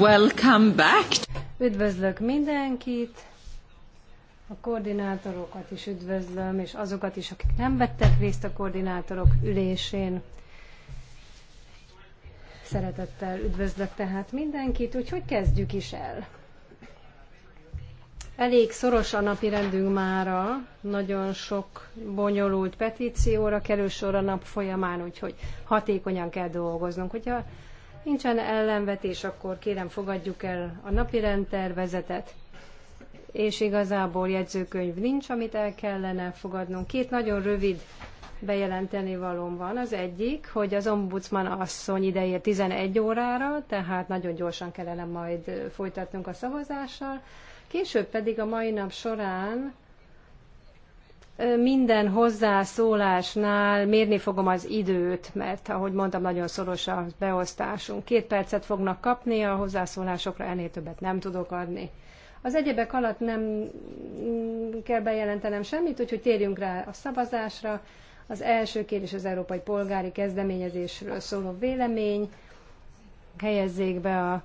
Welcome back. Üdvözlök mindenkit, a koordinátorokat is üdvözlöm, és azokat is, akik nem vettek részt a koordinátorok ülésén. Szeretettel üdvözlök tehát mindenkit, úgyhogy kezdjük is el. Elég szoros a napi rendünk mára, nagyon sok bonyolult petícióra kerül sor a nap folyamán, úgyhogy hatékonyan kell dolgoznunk. Hogyha nincsen ellenvetés, akkor kérem fogadjuk el a napi rendtervezetet. És igazából jegyzőkönyv nincs, amit el kellene fogadnunk. Két nagyon rövid bejelenteni valóm van. Az egyik, hogy az ombudsman asszony ideje 11 órára, tehát nagyon gyorsan kellene majd folytatnunk a szavazással. Később pedig a mai nap során minden hozzászólásnál mérni fogom az időt, mert ahogy mondtam, nagyon szoros a beosztásunk. Két percet fognak kapni a hozzászólásokra, ennél többet nem tudok adni. Az egyebek alatt nem kell bejelentenem semmit, úgyhogy térjünk rá a szavazásra. Az első kérdés az európai polgári kezdeményezésről szóló vélemény. Helyezzék be a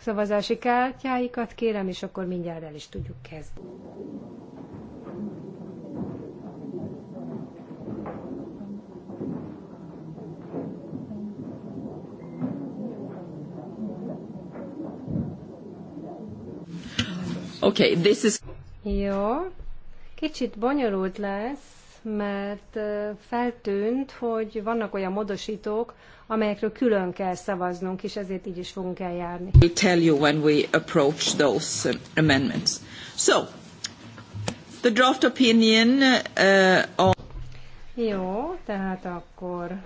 szavazási kártyáikat, kérem, és akkor mindjárt el is tudjuk kezdeni. Okay, this is... Jó. Kicsit bonyolult lesz, mert feltűnt, hogy vannak olyan módosítók, amelyekről külön kell szavaznunk, és ezért így is fogunk eljárni. We tell you when we approach those uh, amendments. So, the draft opinion uh, on... Jó, tehát akkor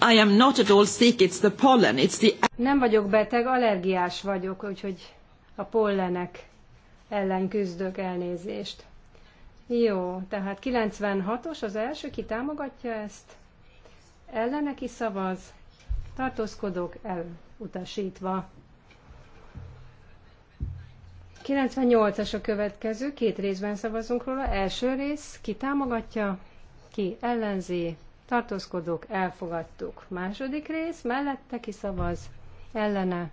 I am not at all sick, it's the pollen, it's the... Nem vagyok beteg, allergiás vagyok, úgyhogy a pollenek ellen küzdök elnézést. Jó, tehát 96-os az első, ki támogatja ezt? Ellene ki szavaz? Tartózkodok elutasítva. 98-as a következő, két részben szavazunk róla. Első rész, ki támogatja, ki ellenzi, tartózkodók, elfogadtuk. Második rész, mellette kiszavaz, ellene,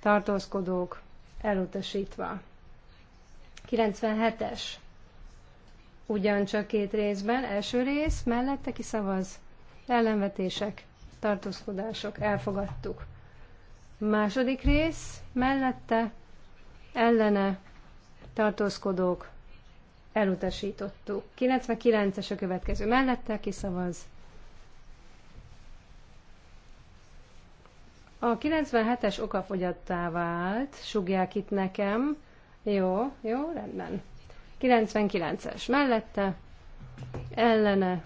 tartózkodók, elutasítva. 97-es, ugyancsak két részben, első rész, mellette kiszavaz, ellenvetések, tartózkodások, elfogadtuk. Második rész, mellette, ellene, tartózkodók, elutasítottuk. 99-es a következő mellette, kiszavaz, A 97-es okafogyattá vált, sugják itt nekem. Jó, jó, rendben. 99-es mellette, ellene,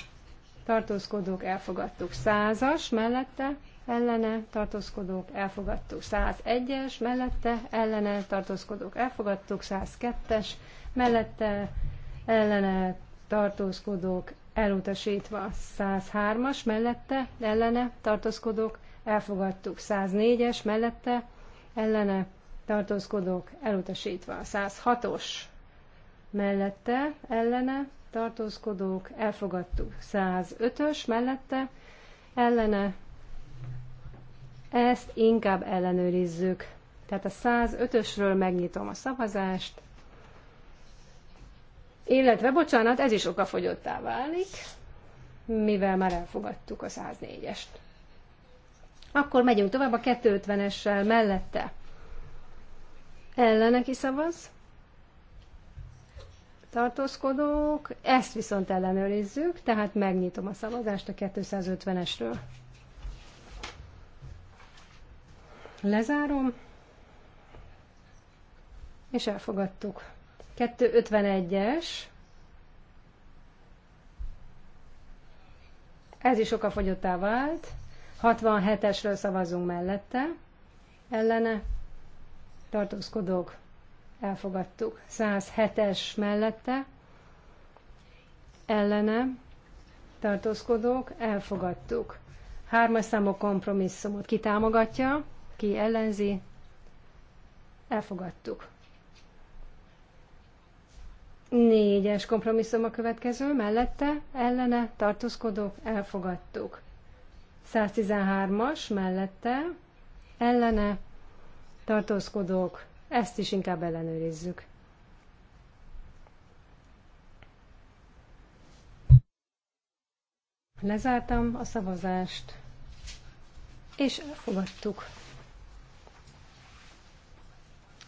tartózkodók, elfogadtuk. 100-as mellette, ellene, tartózkodók, elfogadtuk. 101-es mellette, ellene, tartózkodók, elfogadtuk. 102-es mellette, ellene, tartózkodók, elutasítva. 103-as mellette, ellene, tartózkodók, elfogadtuk 104-es mellette, ellene tartózkodók elutasítva 106-os mellette, ellene tartózkodók elfogadtuk 105-ös mellette, ellene ezt inkább ellenőrizzük. Tehát a 105-ösről megnyitom a szavazást, illetve, bocsánat, ez is okafogyottá válik, mivel már elfogadtuk a 104-est. Akkor megyünk tovább a 250-essel mellette. Ellene szavaz. Tartózkodók. Ezt viszont ellenőrizzük, tehát megnyitom a szavazást a 250-esről. Lezárom. És elfogadtuk. 251-es. Ez is okafogyottá vált. 67-esről szavazunk mellette, ellene tartózkodók elfogadtuk. 107-es mellette, ellene tartózkodók elfogadtuk. Hármas számú kompromisszumot ki támogatja, ki ellenzi, elfogadtuk. Négyes kompromisszum a következő, mellette, ellene, tartózkodók, elfogadtuk. 113-as mellette ellene tartózkodók, ezt is inkább ellenőrizzük. Lezártam a szavazást, és elfogadtuk.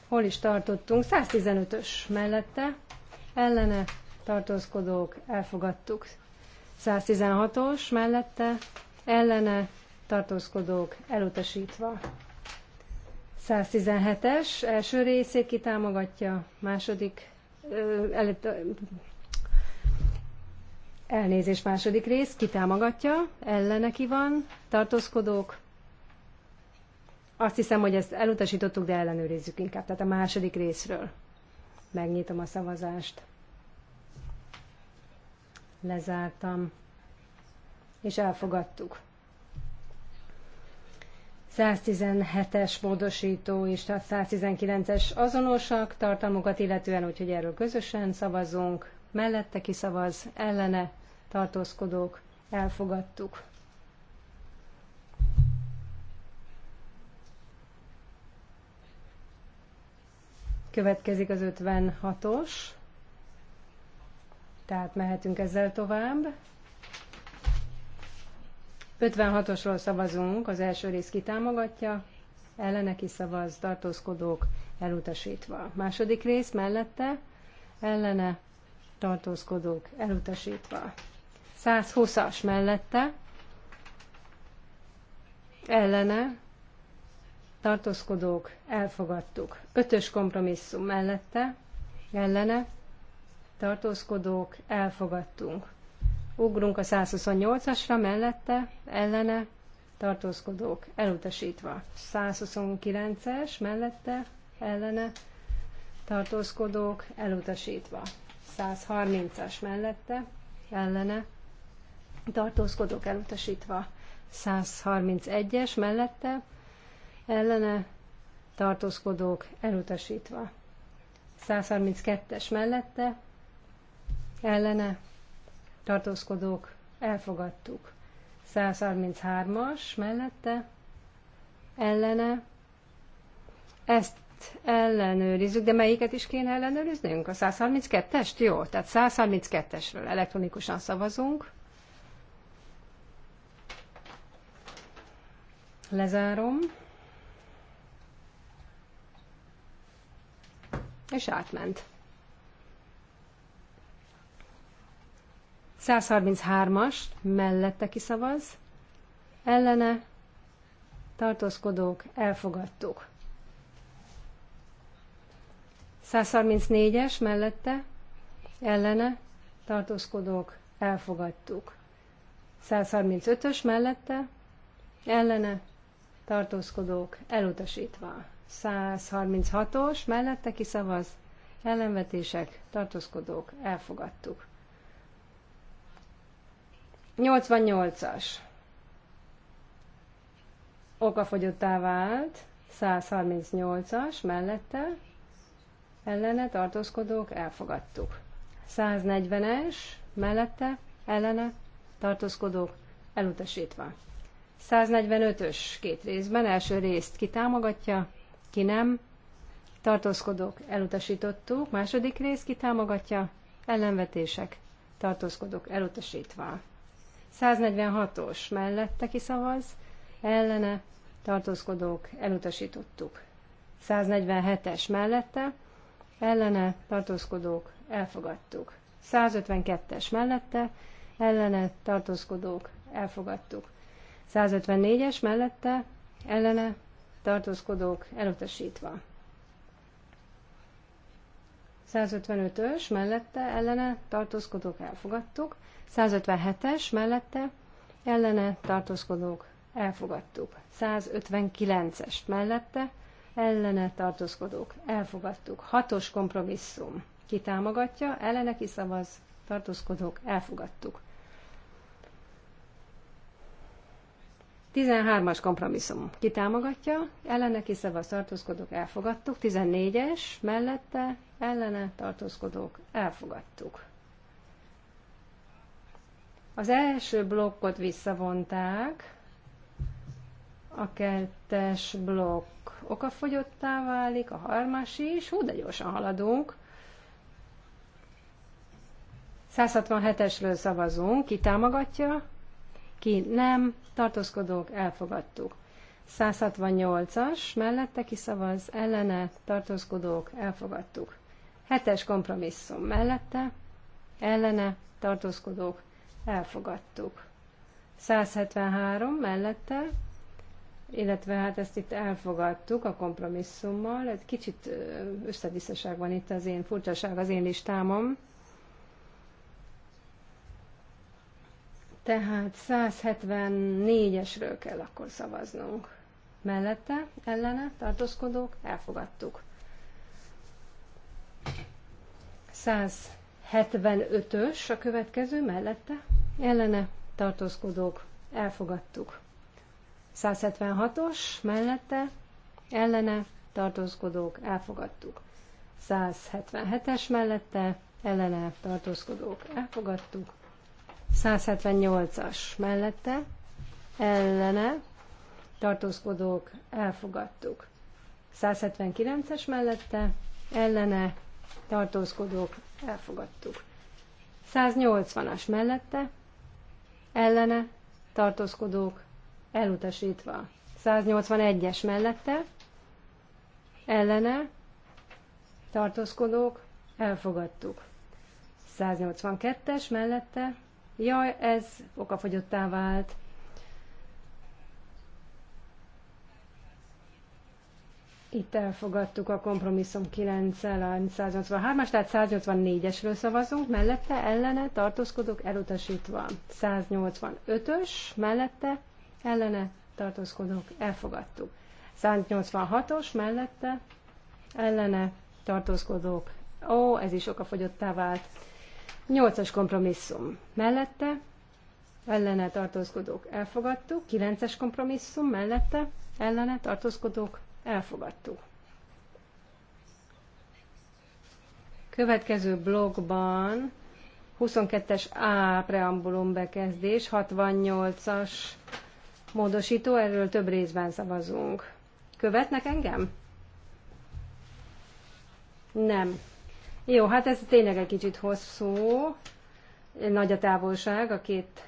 Hol is tartottunk? 115-ös mellette, ellene tartózkodók, elfogadtuk. 116-os mellette, ellene tartózkodók elutasítva. 117-es első részét kitámogatja, második ö, el, ö, elnézés második rész kitámogatja, ellene ki van, tartózkodók. Azt hiszem, hogy ezt elutasítottuk, de ellenőrizzük inkább, tehát a második részről. Megnyitom a szavazást. Lezártam és elfogadtuk. 117-es módosító és 119-es azonosak tartalmukat illetően, úgyhogy erről közösen szavazunk. Mellette kiszavaz, ellene tartózkodók, elfogadtuk. Következik az 56-os, tehát mehetünk ezzel tovább. 56-osról szavazunk, az első rész kitámogatja, ellene kiszavaz, tartózkodók elutasítva. Második rész mellette, ellene tartózkodók elutasítva. 120-as mellette, ellene tartózkodók elfogadtuk. Ötös kompromisszum mellette, ellene tartózkodók elfogadtunk. Ugrunk a 128-asra, mellette, ellene, tartózkodók, elutasítva. 129-es, mellette, ellene, tartózkodók, elutasítva. 130-as mellette, ellene, tartózkodók, elutasítva. 131-es mellette, ellene, tartózkodók, elutasítva. 132-es mellette, ellene, tartózkodók, elfogadtuk. 133-as mellette, ellene. Ezt ellenőrizzük, de melyiket is kéne ellenőriznünk? A 132-est? Jó, tehát 132-esről elektronikusan szavazunk. Lezárom. És átment. 133-as mellette kiszavaz, ellene tartózkodók elfogadtuk. 134-es mellette ellene tartózkodók elfogadtuk. 135-ös mellette ellene tartózkodók elutasítva. 136-os mellette kiszavaz, ellenvetések, tartózkodók elfogadtuk. 88-as okafogyottá vált, 138-as mellette, ellene tartózkodók elfogadtuk. 140-es mellette, ellene tartózkodók elutasítva. 145-ös két részben, első részt ki támogatja, ki nem, tartózkodók elutasítottuk, második rész ki támogatja, ellenvetések, tartózkodók elutasítva. 146-os mellette kiszavaz, ellene tartózkodók elutasítottuk. 147-es mellette, ellene tartózkodók elfogadtuk. 152-es mellette, ellene tartózkodók elfogadtuk. 154-es mellette, ellene tartózkodók elutasítva. 155-ös mellette ellene tartózkodók elfogadtuk, 157-es mellette ellene tartózkodók elfogadtuk, 159-es mellette ellene tartózkodók elfogadtuk, 6-os kompromisszum kitámogatja, ellene kiszavaz, tartózkodók elfogadtuk. 13-as kompromisszum. Ki támogatja? Ellene kiszavaz tartózkodók elfogadtuk. 14-es mellette ellene tartózkodók elfogadtuk. Az első blokkot visszavonták, a kettes blokk okafogyottá válik, a harmas is, hú, de gyorsan haladunk. 167-esről szavazunk, ki támogatja, ki nem, tartózkodók, elfogadtuk. 168-as, mellette kiszavaz, ellene, tartózkodók, elfogadtuk. 7-es kompromisszum mellette, ellene, tartózkodók, elfogadtuk. 173 mellette, illetve hát ezt itt elfogadtuk a kompromisszummal, egy kicsit összevisszaság van itt az én furcsaság, az én listámon, Tehát 174-esről kell akkor szavaznunk. Mellette, ellene, tartózkodók, elfogadtuk. 175-ös a következő, mellette, ellene, tartózkodók, elfogadtuk. 176-os, mellette, ellene, tartózkodók, elfogadtuk. 177-es mellette, ellene, tartózkodók, elfogadtuk. 178-as mellette, ellene, tartózkodók, elfogadtuk. 179-es mellette, ellene, tartózkodók, elfogadtuk. 180-as mellette, ellene, tartózkodók, elutasítva. 181-es mellette, ellene, tartózkodók, elfogadtuk. 182-es mellette, Jaj, ez okafogyottá vált. Itt elfogadtuk a kompromisszum 9-el, a 183-as, tehát 184-esről szavazunk, mellette ellene tartózkodok elutasítva. 185-ös, mellette ellene tartózkodok, elfogadtuk. 186-os, mellette ellene tartózkodok. Ó, ez is okafogyottá vált. Nyolcas kompromisszum mellette, ellene tartózkodók elfogadtuk, Kilences kompromisszum mellette, ellene tartózkodók elfogadtuk. Következő blogban 22-es A preambulum bekezdés, 68-as módosító, erről több részben szavazunk. Követnek engem? Nem. Jó, hát ez tényleg egy kicsit hosszú, nagy a távolság a két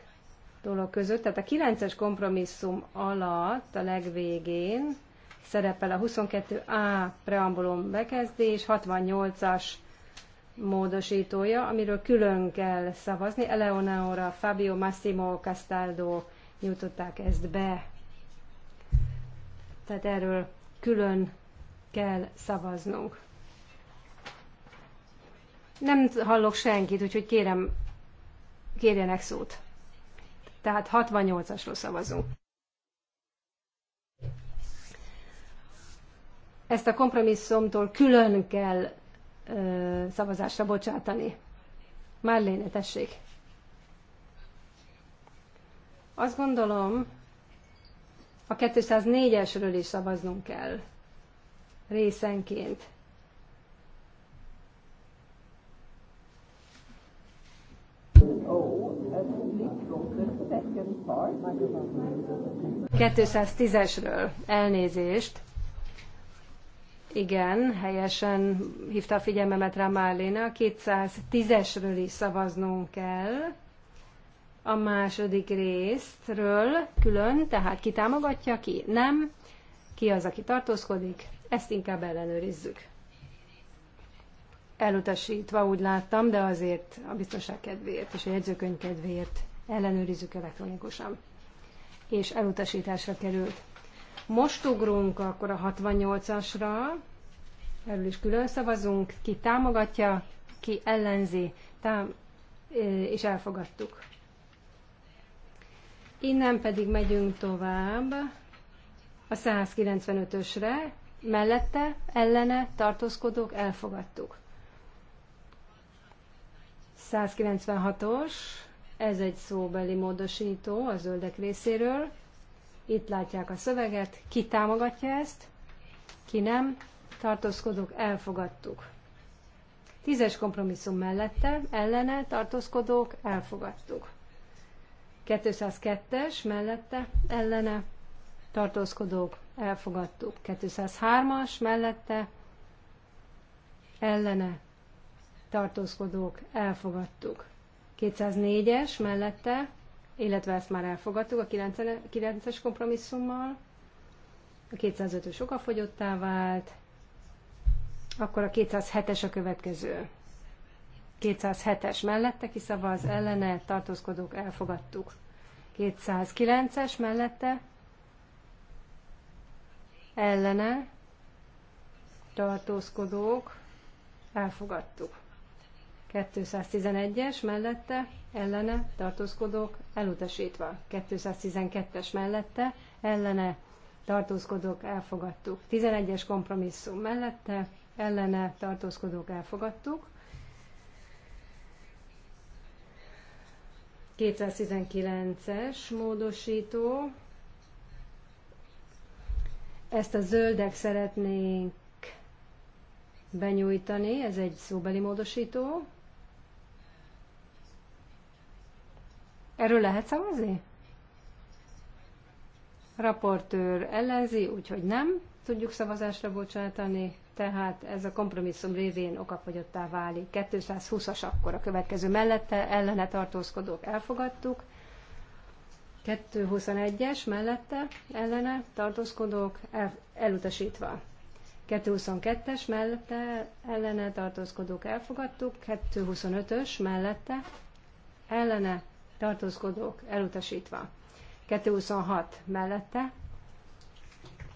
dolog között. Tehát a 9-es kompromisszum alatt a legvégén szerepel a 22A preambulum bekezdés, 68-as módosítója, amiről külön kell szavazni. Eleonora Fabio Massimo Castaldo nyújtották ezt be. Tehát erről külön kell szavaznunk. Nem hallok senkit, úgyhogy kérem, kérjenek szót. Tehát 68-asról szavazunk. Ezt a kompromisszumtól külön kell ö, szavazásra bocsátani. Marléne, tessék. Azt gondolom, a 204-esről is szavaznunk kell. Részenként. 210-esről elnézést. Igen, helyesen hívta a figyelmemet rá Márléna. 210-esről is szavaznunk kell. A második résztről külön, tehát ki támogatja, ki nem, ki az, aki tartózkodik, ezt inkább ellenőrizzük. Elutasítva úgy láttam, de azért a biztonság kedvéért és a jegyzőkönyv kedvéért ellenőrizzük elektronikusan és elutasításra került. Most ugrunk akkor a 68-asra, erről is külön szavazunk, ki támogatja, ki ellenzi, tám- és elfogadtuk. Innen pedig megyünk tovább a 195-ösre, mellette, ellene tartózkodók elfogadtuk. 196-os ez egy szóbeli módosító a zöldek részéről. Itt látják a szöveget, ki támogatja ezt, ki nem. Tartózkodók elfogadtuk. Tízes kompromisszum mellette, ellene, tartózkodók elfogadtuk. 202-es mellette, ellene, tartózkodók elfogadtuk. 203-as mellette, ellene, tartózkodók elfogadtuk. 204-es mellette, illetve ezt már elfogadtuk a 9-es kompromisszummal, a 205-ös okafogyottá vált, akkor a 207-es a következő. 207-es mellette kiszavaz, ellene tartózkodók elfogadtuk. 209-es mellette ellene tartózkodók elfogadtuk. 211-es mellette, ellene, tartózkodók, elutasítva. 212-es mellette, ellene, tartózkodók, elfogadtuk. 11-es kompromisszum mellette, ellene, tartózkodók, elfogadtuk. 219-es módosító. Ezt a zöldek szeretnénk benyújtani, ez egy szóbeli módosító. Erről lehet szavazni? Raportőr ellenzi, úgyhogy nem tudjuk szavazásra bocsátani, tehát ez a kompromisszum révén okafogyottá válik. 220-as akkor a következő mellette ellene tartózkodók elfogadtuk. 221-es mellette ellene tartózkodók el, elutasítva. 222-es mellette ellene tartózkodók elfogadtuk, 225-ös mellette ellene tartózkodók elutasítva. 226 mellette,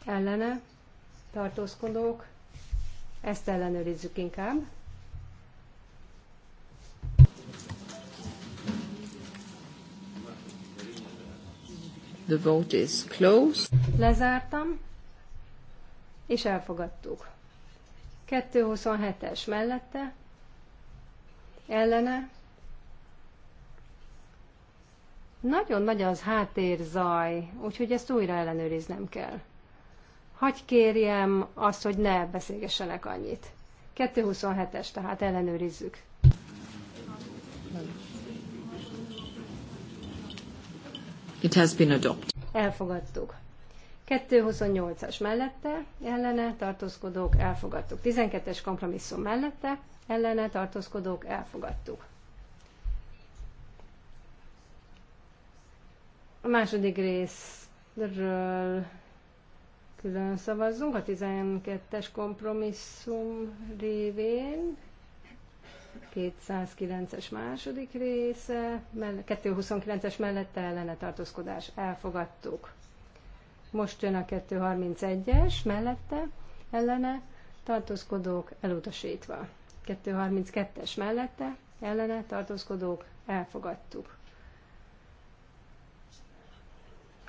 ellene, tartózkodók, ezt ellenőrizzük inkább. The vote is closed. Lezártam, és elfogadtuk. 227-es mellette, ellene, nagyon nagy az háttérzaj, úgyhogy ezt újra ellenőriznem kell. Hagy kérjem azt, hogy ne beszélgessenek annyit. 2.27-es, tehát ellenőrizzük. It has been adopted. Elfogadtuk. 228-as mellette, ellene tartózkodók, elfogadtuk. 12-es kompromisszum mellette, ellene tartózkodók, elfogadtuk. A második részről külön szavazzunk, a 12-es kompromisszum révén. 209-es második része, 229-es mellette ellene tartózkodás elfogadtuk. Most jön a 231-es mellette ellene tartózkodók elutasítva. 232-es mellette ellene tartózkodók elfogadtuk.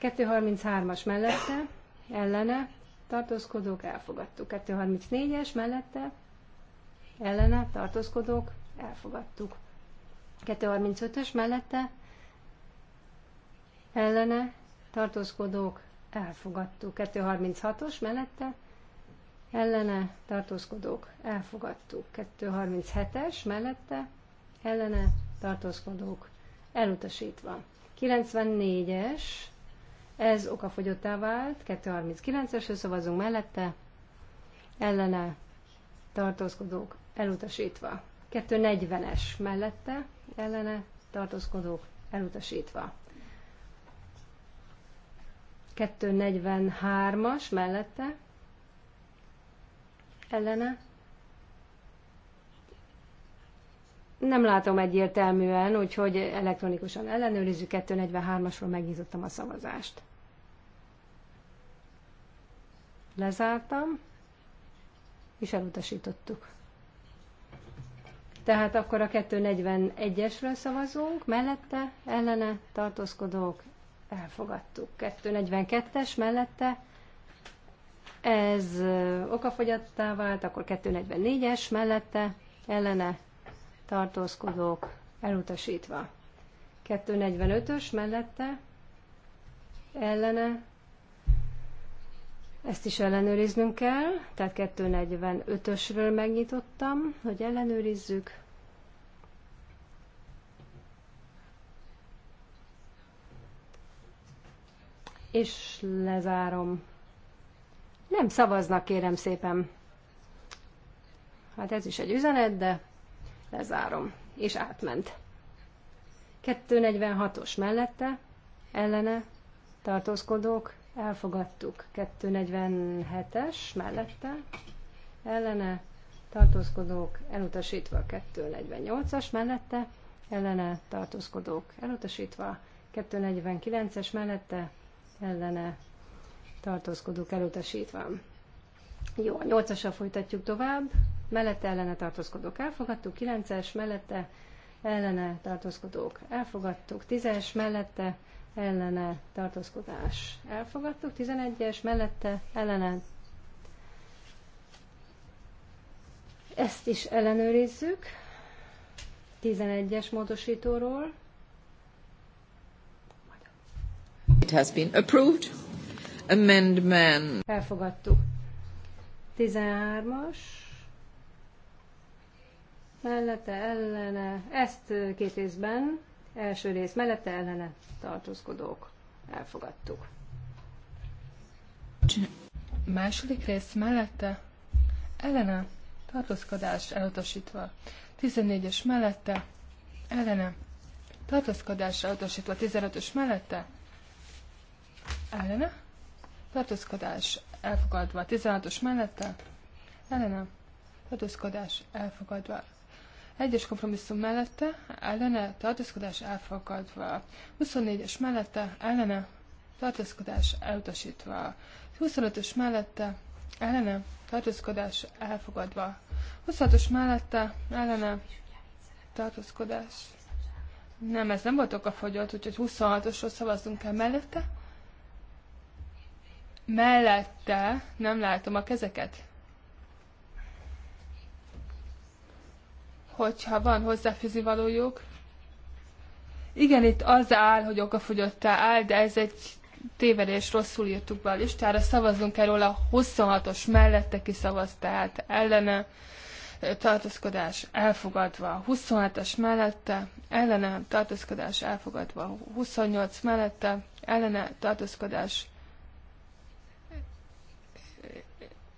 233-as mellette, ellene, tartózkodók, elfogadtuk. 234-es mellette, ellene, tartózkodók, elfogadtuk. 235-ös mellette, ellene, tartózkodók, elfogadtuk. 236-os mellette, ellene, tartózkodók, elfogadtuk. 237-es mellette, ellene, tartózkodók, elutasítva. 94-es ez okafogyottá vált, 239-esről szavazunk mellette, ellene tartózkodók elutasítva. 240-es mellette, ellene tartózkodók elutasítva. 243-as mellette, ellene nem látom egyértelműen, úgyhogy elektronikusan ellenőrizzük. 243-asról megnyitottam a szavazást. Lezártam, és elutasítottuk. Tehát akkor a 241-esről szavazunk, mellette, ellene, tartózkodók, elfogadtuk. 242-es mellette, ez okafogyattá vált, akkor 244-es mellette, ellene, tartózkodók elutasítva. 245-ös mellette ellene, ezt is ellenőriznünk kell, tehát 245-ösről megnyitottam, hogy ellenőrizzük. És lezárom. Nem szavaznak, kérem szépen. Hát ez is egy üzenet, de Lezárom. És átment. 246-os mellette, ellene, tartózkodók, elfogadtuk. 247-es mellette, ellene, tartózkodók, elutasítva. 248-as mellette, ellene, tartózkodók, elutasítva. 249-es mellette, ellene, tartózkodók, elutasítva. Jó, a 8-asra folytatjuk tovább mellette ellene tartózkodók elfogadtuk, 9-es mellette ellene tartózkodók elfogadtuk, 10-es mellette ellene tartózkodás elfogadtuk, 11-es mellette ellene ezt is ellenőrizzük 11-es módosítóról It has been approved. Amendment. Elfogadtuk. 13-as mellette ellene, ezt két részben, első rész mellette ellene tartózkodók. Elfogadtuk. Második rész mellette ellene tartózkodás elutasítva. 14-es mellette ellene tartózkodás elutasítva. 15-ös mellette ellene tartózkodás elfogadva. 16-os mellette ellene tartózkodás elfogadva. Egyes kompromisszum mellette, ellene, tartózkodás elfogadva. 24-es mellette, ellene, tartózkodás elutasítva. 25-ös mellette, ellene, tartózkodás elfogadva. 26-os mellette, ellene, tartózkodás. Nem, ez nem volt fogyott, úgyhogy 26-osról szavazzunk el mellette. Mellette, nem látom a kezeket. hogyha van hozzá valójuk. Igen, itt az áll, hogy okafogyottá áll, de ez egy tévedés, rosszul írtuk be a listára, szavazzunk kell a 26-os mellette kiszavaz, tehát ellene tartózkodás elfogadva, 27-es mellette, ellene tartózkodás elfogadva, 28 mellette, ellene tartózkodás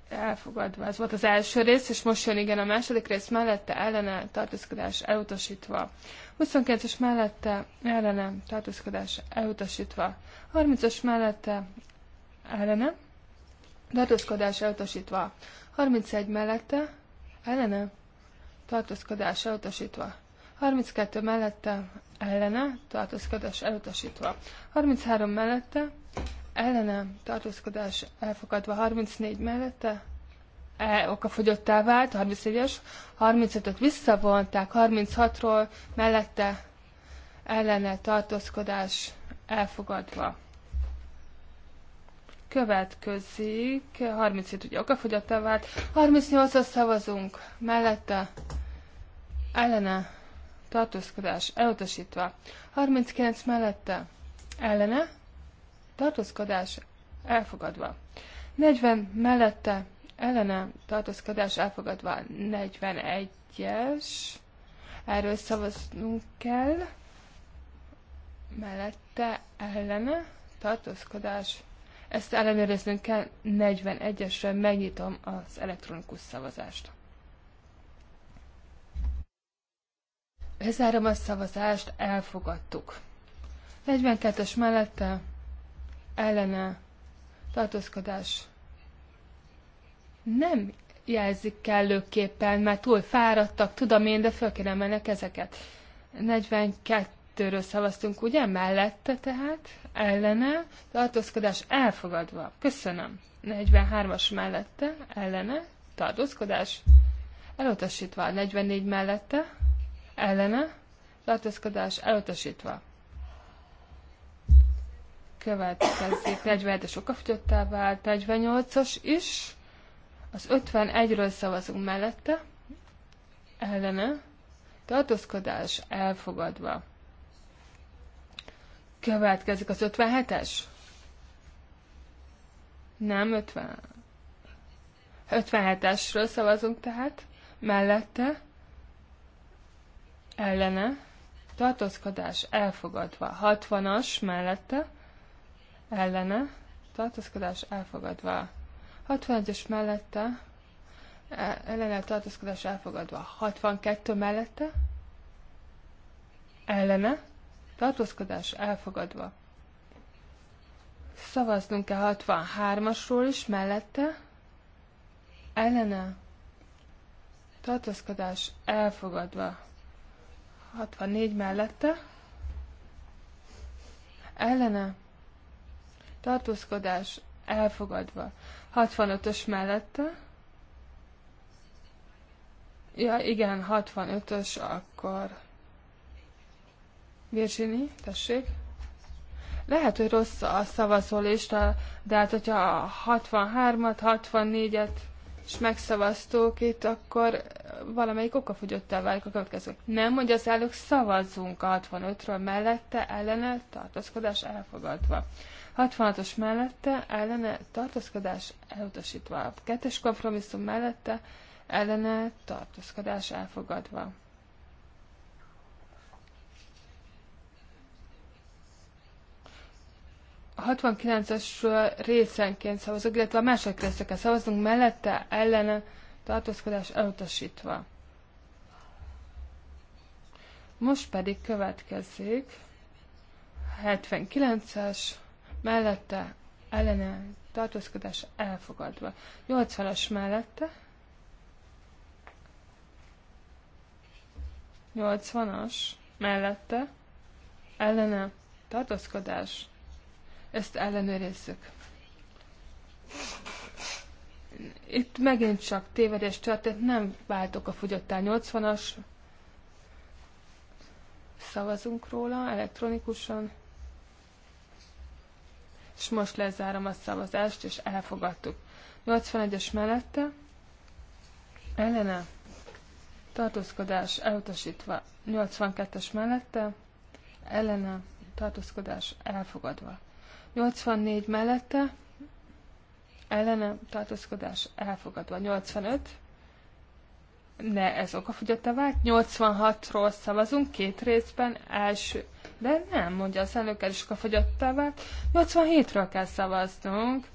elfogadva. Ez volt az első rész, és most jön igen a második rész mellette ellene tartózkodás elutasítva. 29-es mellette ellene tartózkodás elutasítva. 30-as mellette ellene tartózkodás elutasítva. 31 mellette ellene tartózkodás elutasítva. 32 mellette ellene tartózkodás elutasítva. 33 mellette ellene tartózkodás elfogadva 34 mellette, e, okafogyottá vált, 34-es, 35-öt visszavonták, 36-ról mellette ellene tartózkodás elfogadva. Következik, 37 ugye okafogyottá vált, 38-as szavazunk, mellette ellene tartózkodás elutasítva, 39 mellette ellene tartózkodás elfogadva. 40 mellette ellene tartózkodás elfogadva 41-es. Erről szavaznunk kell. Mellette ellene tartózkodás. Ezt ellenőriznünk kell. 41-esre megnyitom az elektronikus szavazást. Lezárom a szavazást, elfogadtuk. 42-es mellette ellene tartózkodás nem jelzik kellőképpen, mert túl fáradtak, tudom én, de föl kéne mennek ezeket. 42-ről szavaztunk, ugye? Mellette tehát, ellene, tartózkodás elfogadva. Köszönöm. 43-as mellette, ellene, tartózkodás elutasítva. 44 mellette, ellene, tartózkodás elutasítva következik, 47-es okafogyottá vált, 48-as is, az 51-ről szavazunk mellette, ellene, tartózkodás elfogadva. Következik az 57-es? Nem, 50. 57-esről szavazunk tehát, mellette, ellene, tartózkodás elfogadva. 60-as mellette, ellene, tartózkodás elfogadva. 61-es e, mellette, ellene tartózkodás elfogadva. 62 mellette, ellene, tartózkodás elfogadva. Szavaznunk-e 63-asról is mellette, ellene, tartózkodás elfogadva. 64 mellette, ellene, tartózkodás elfogadva. 65-ös mellette. Ja, igen, 65-ös, akkor... Virginie, tessék. Lehet, hogy rossz a szavazólista, de hát hogyha a 63-at, 64-et és megszavaztók itt, akkor valamelyik el válik a következő. Nem, hogy az elők szavazzunk a 65-ről mellette, ellene tartózkodás elfogadva. 66-os mellette ellene tartózkodás elutasítva. kettes kompromisszum mellette ellene tartózkodás elfogadva. A 69-esről részenként szavazok, illetve a második részeken szavazunk mellette ellene tartózkodás elutasítva. Most pedig következik 79-es mellette ellene tartózkodás elfogadva. 80-as mellette 80-as mellette ellene tartózkodás. Ezt ellenőrizzük. Itt megint csak tévedés történt, nem váltok a fogyottál 80-as. Szavazunk róla elektronikusan és most lezárom a szavazást, és elfogadtuk. 81-es mellette, ellene, tartózkodás elutasítva, 82-es mellette, ellene, tartózkodás elfogadva. 84 mellette, ellene, tartózkodás elfogadva. 85, ne, ez a vált. 86-ról szavazunk két részben, első de nem, mondja az elnök, is a fogyottá 87-ről kell szavaznunk.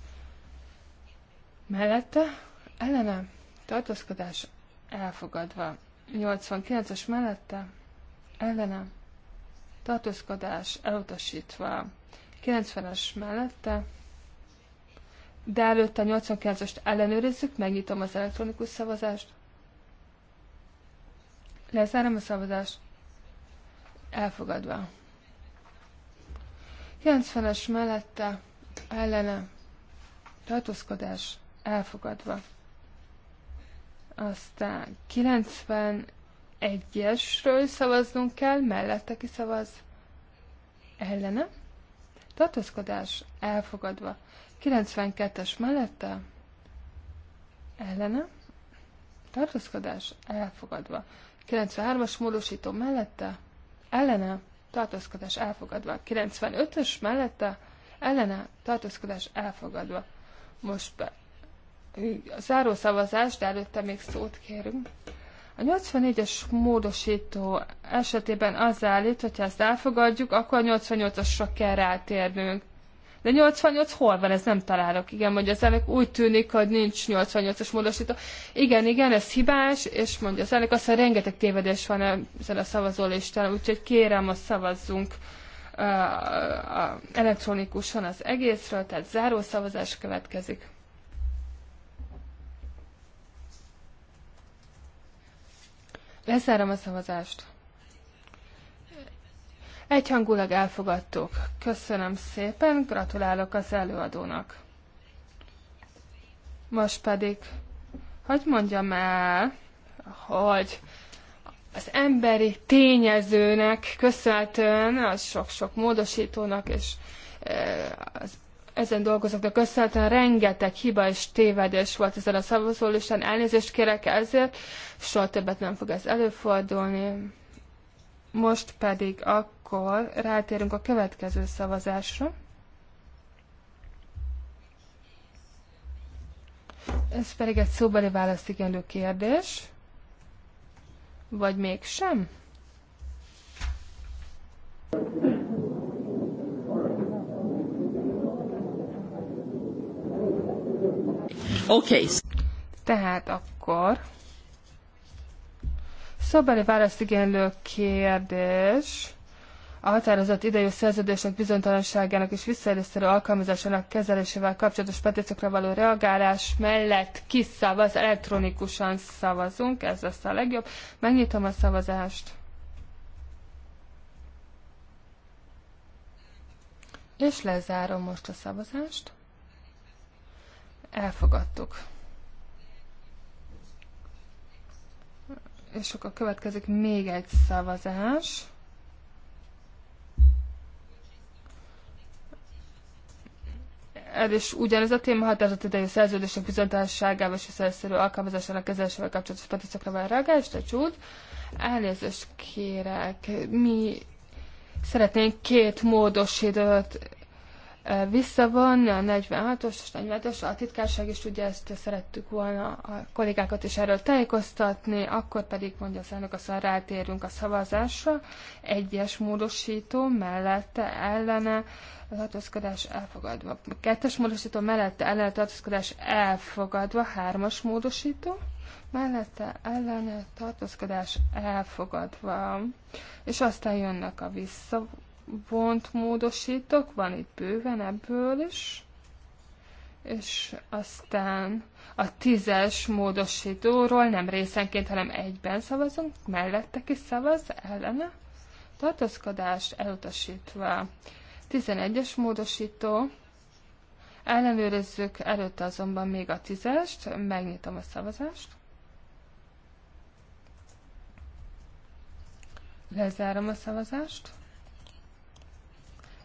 Mellette ellene tartózkodás elfogadva. 89-es mellette ellene tartózkodás elutasítva. 90-es mellette de előtte a 89-est ellenőrizzük, megnyitom az elektronikus szavazást. Lezárom a szavazást. Elfogadva. 90-es mellette ellene tartózkodás elfogadva. Aztán 91-esről szavaznunk kell, mellette szavaz ellene. Tartózkodás elfogadva. 92-es mellette ellene. Tartózkodás elfogadva. 93-as módosító mellette ellene tartózkodás elfogadva. 95-ös mellette ellene tartózkodás elfogadva. Most be. A záró szavazás, de előtte még szót kérünk. A 84-es módosító esetében az állít, hogyha ezt elfogadjuk, akkor a 88-asra kell rátérnünk. De 88 hol van, ez nem találok. Igen, mondja az elnök, úgy tűnik, hogy nincs 88-as módosító. Igen, igen, ez hibás, és mondja az elnök, aztán rengeteg tévedés van ezen a szavazólistán, úgyhogy kérem, a szavazzunk uh, uh, elektronikusan az egészről, tehát záró szavazás következik. Lezárom a szavazást. Egyhangulag elfogadtuk. Köszönöm szépen, gratulálok az előadónak. Most pedig, hogy mondjam el, hogy az emberi tényezőnek köszönhetően, az sok-sok módosítónak és e, az ezen dolgozóknak köszönhetően rengeteg hiba és tévedés volt ezen a szavazólisten. Elnézést kérek ezért, soha többet nem fog ez előfordulni. Most pedig akkor akkor rátérünk a következő szavazásra. Ez pedig egy szóbeli válaszigénylő kérdés. Vagy mégsem? Okay. Tehát akkor szóbeli választigénylő kérdés a határozott idejű szerződések bizonytalanságának és visszaélőszerű alkalmazásának kezelésével kapcsolatos petíciókra való reagálás mellett kiszavaz, elektronikusan szavazunk, ez lesz a legjobb. Megnyitom a szavazást. És lezárom most a szavazást. Elfogadtuk. És akkor következik még egy szavazás. ez is ugyanez a téma határozott idejű szerződések bizonytalanságával és a szerszerű alkalmazásának kezelésével kapcsolatos petíciókra vár reagálást, a csúd. Elnézést kérek, mi szeretnénk két módosítót visszavonni a 46-os és 47-os, a titkárság is ugye ezt szerettük volna a kollégákat is erről tájékoztatni, akkor pedig mondja az elnök, aztán rátérünk a szavazásra, egyes módosító mellette ellene tartózkodás elfogadva, kettes módosító mellette ellene tartózkodás elfogadva, hármas módosító, mellette ellene tartózkodás elfogadva, és aztán jönnek a vissza bont módosítok, van itt bőven ebből is, és aztán a tízes módosítóról nem részenként, hanem egyben szavazunk, mellette ki szavaz, ellene, tartozkodás elutasítva. 11-es módosító, ellenőrizzük előtte azonban még a tízest, megnyitom a szavazást. Lezárom a szavazást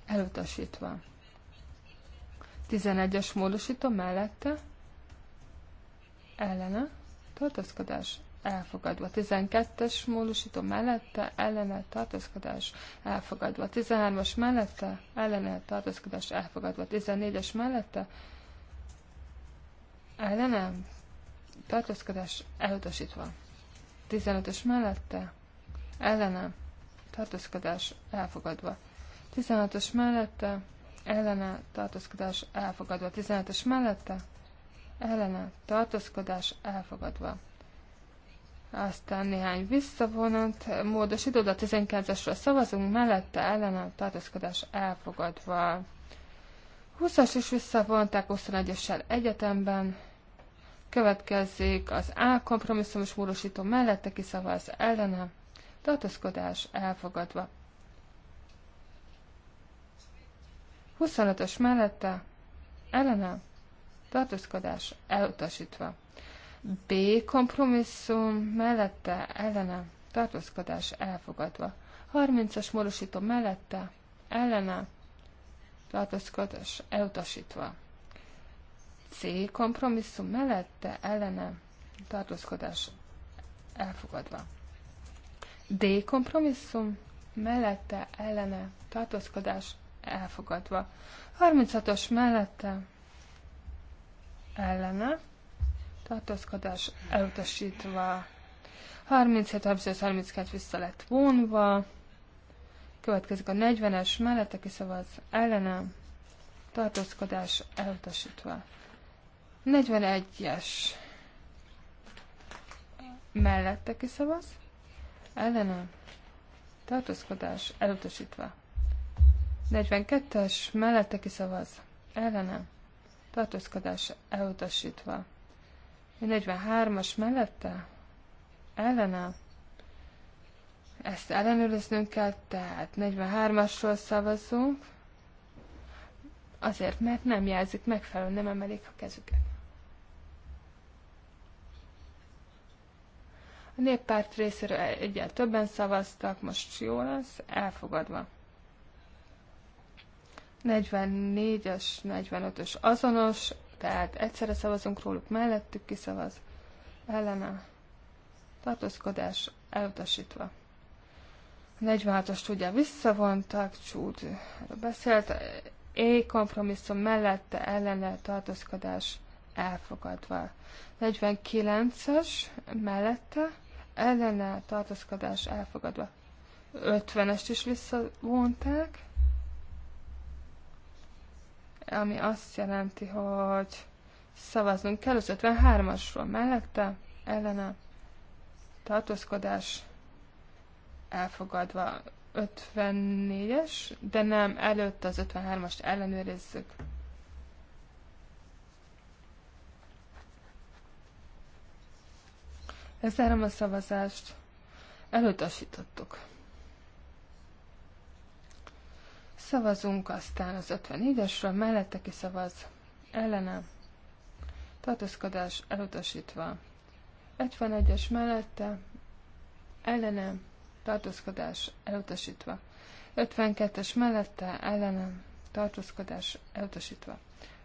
elutasítva. 11-es módosító mellette ellene tartózkodás elfogadva. 12-es módosító mellette ellene tartózkodás elfogadva. 13-as mellette ellene tartózkodás elfogadva. 14-es mellette ellene tartózkodás elutasítva. 15-ös mellette ellene tartózkodás elfogadva. 16-os mellette ellene tartózkodás elfogadva. 16-os mellette ellene tartózkodás elfogadva. Aztán néhány visszavonat, módosítod a 19-esről szavazunk, mellette ellene tartózkodás elfogadva. 20-as is visszavonták 21-essel egyetemben. Következik az A kompromisszumos módosító mellette kiszavaz ellene. Tartózkodás elfogadva. 25-ös mellette ellene tartózkodás elutasítva. B. Kompromisszum mellette ellene tartózkodás elfogadva. 30-as módosító mellette ellene tartózkodás elutasítva. C. Kompromisszum mellette ellene tartózkodás elfogadva. D. Kompromisszum mellette ellene tartózkodás elfogadva. 36-os mellette ellene tartózkodás elutasítva. 37-32 vissza lett vonva. Következik a 40-es mellette kiszavaz ellene tartózkodás elutasítva. 41-es mellette kiszavaz ellene tartózkodás elutasítva. 42-es mellette kiszavaz. Ellenem. Tartózkodás elutasítva. 43-as mellette? Ellenem. Ezt ellenőriznünk kell, tehát 43-asról szavazunk, azért, mert nem jelzik megfelelően, nem emelik a kezüket. A néppárt részéről egyel többen szavaztak, most jó lesz, elfogadva. 44-es, 45-ös azonos, tehát egyszerre szavazunk róluk mellettük, kiszavaz ellene tartózkodás elutasítva. 46-os tudja visszavontak, csúd beszélt, éj e kompromisszum mellette ellene tartózkodás elfogadva. 49-es mellette ellene tartózkodás elfogadva. 50-est is visszavonták, ami azt jelenti, hogy szavaznunk kell az 53-asról mellette, ellene tartózkodás elfogadva 54-es, de nem előtt az 53-ast ellenőrizzük. Lezárom a szavazást. Elutasítottuk. Szavazunk aztán az 54-esről, mellette ki szavaz ellene. Tartózkodás elutasítva. 51-es mellette ellene. Tartózkodás elutasítva. 52-es mellette ellene. Tartózkodás elutasítva.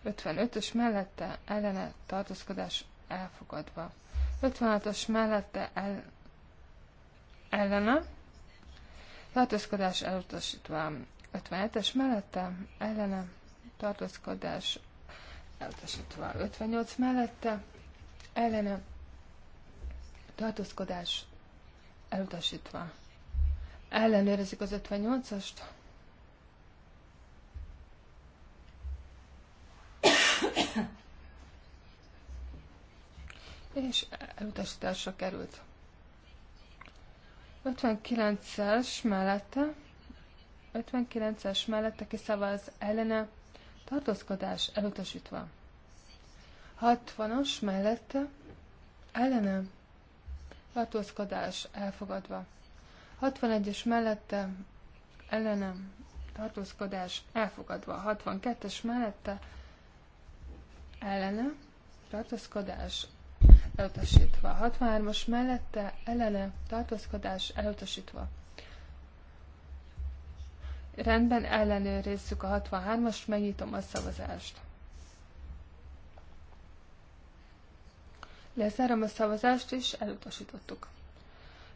55-ös mellette ellene. Tartózkodás elfogadva. 56-os mellette el, ellene. Tartózkodás elutasítva. 57-es mellette ellene tartózkodás elutasítva. 58 mellette ellene tartózkodás elutasítva. Ellenőrizik az 58-ast. és elutasításra került. 59-es mellette 59-es mellette kiszavaz ellene tartózkodás elutasítva. 60-as mellette ellene tartózkodás elfogadva. 61-es mellette ellene tartózkodás elfogadva. 62-es mellette ellene tartózkodás elutasítva. 63-as mellette ellene tartózkodás elutasítva. Rendben, ellenőrizzük a 63-ast, megnyitom a szavazást. Lezárom a szavazást, és elutasítottuk.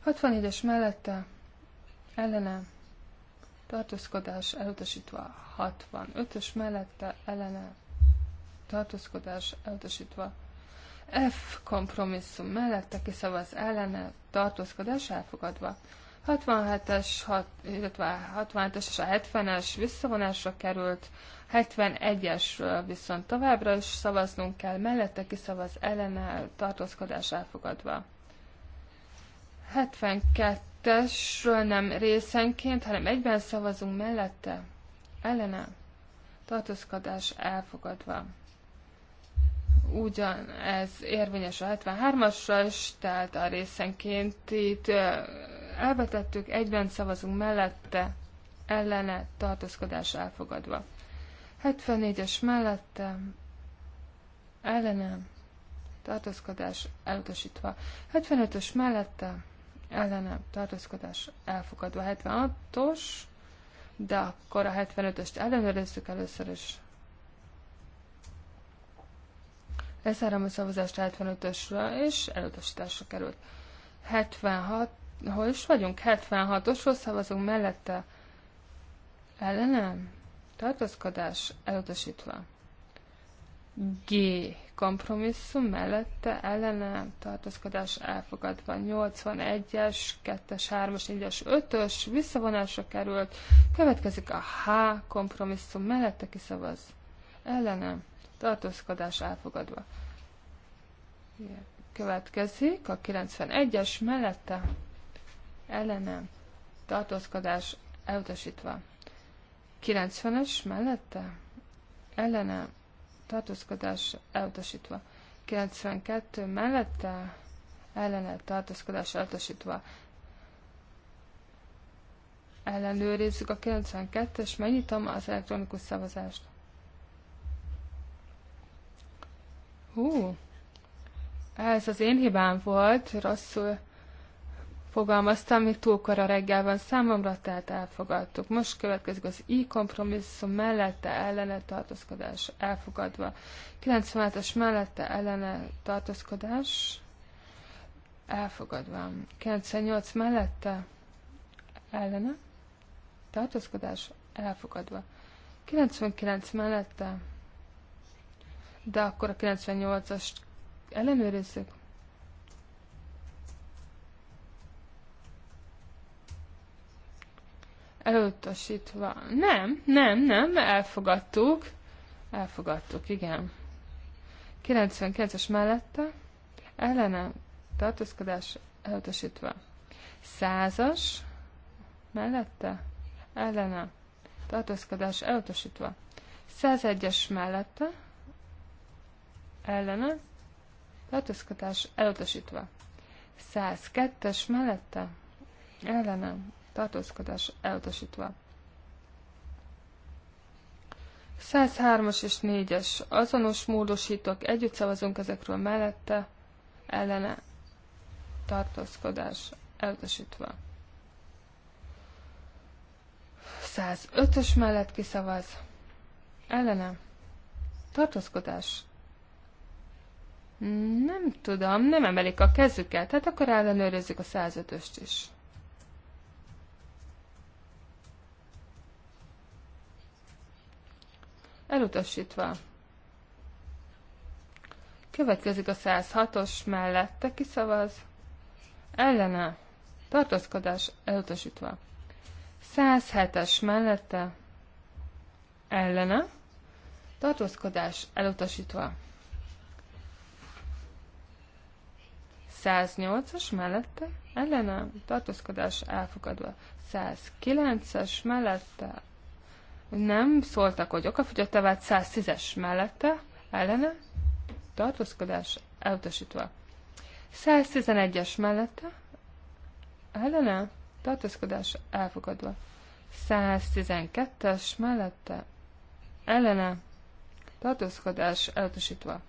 64-es mellette ellene tartózkodás elutasítva, 65-ös mellette ellene tartózkodás elutasítva, F kompromisszum mellette kiszavaz ellene tartózkodás elfogadva. 67-es, illetve 67-es és a 70-es visszavonásra került, 71 es viszont továbbra is szavaznunk kell, mellette kiszavaz ellene tartózkodás elfogadva. 72-esről nem részenként, hanem egyben szavazunk mellette, ellene tartózkodás elfogadva. ez érvényes a 73-asra is, tehát a részenként itt elvetettük, egyben szavazunk mellette, ellene, tartózkodás elfogadva. 74-es mellette, ellene, tartózkodás elutasítva. 75-ös mellette, ellene, tartózkodás elfogadva. 76-os, de akkor a 75-öst ellenőrizzük először is. Leszárom a szavazást 75-ösről, és elutasításra került. 76 hol is vagyunk? 76-osról szavazunk mellette. Ellenem? Tartózkodás elutasítva. G. Kompromisszum mellette ellenem tartózkodás elfogadva. 81-es, 2-es, 3-as, 4-es, 5-ös visszavonásra került. Következik a H. Kompromisszum mellette kiszavaz. Ellenem tartózkodás elfogadva. Következik a 91-es mellette ellene tartózkodás elutasítva. 90-es mellette ellene tartózkodás elutasítva. 92 mellette ellene tartózkodás elutasítva. Ellenőrizzük a 92-es, megnyitom az elektronikus szavazást. Hú, ez az én hibám volt, rosszul fogalmaztam, még túl kora reggel van számomra, tehát elfogadtuk. Most következik az i kompromisszum mellette ellene tartózkodás elfogadva. 97-es mellette ellene tartózkodás elfogadva. 98 mellette ellene tartózkodás elfogadva. 99 mellette, de akkor a 98-ast ellenőrizzük. elutasítva. Nem, nem, nem, elfogadtuk. Elfogadtuk, igen. 99-es mellette ellene tartózkodás elutasítva. 100-as mellette ellene tartózkodás elutasítva. 101-es mellette ellene tartózkodás elutasítva. 102-es mellette ellene tartózkodás elutasítva. 103-as és 4-es azonos módosítók, együtt szavazunk ezekről mellette, ellene tartózkodás elutasítva. 105-ös mellett kiszavaz, ellene tartózkodás nem tudom, nem emelik a kezüket, tehát akkor ellenőrizzük a 105-öst is. elutasítva. Következik a 106-os mellette kiszavaz, ellene, tartózkodás elutasítva. 107-es mellette, ellene, tartózkodás elutasítva. 108-as mellette, ellene, tartózkodás elfogadva. 109-es mellette, nem szóltak, hogy okafogyottá vált 110-es mellette, ellene, tartózkodás elutasítva. 111-es mellette, ellene, tartózkodás elfogadva. 112-es mellette, ellene, tartózkodás elutasítva.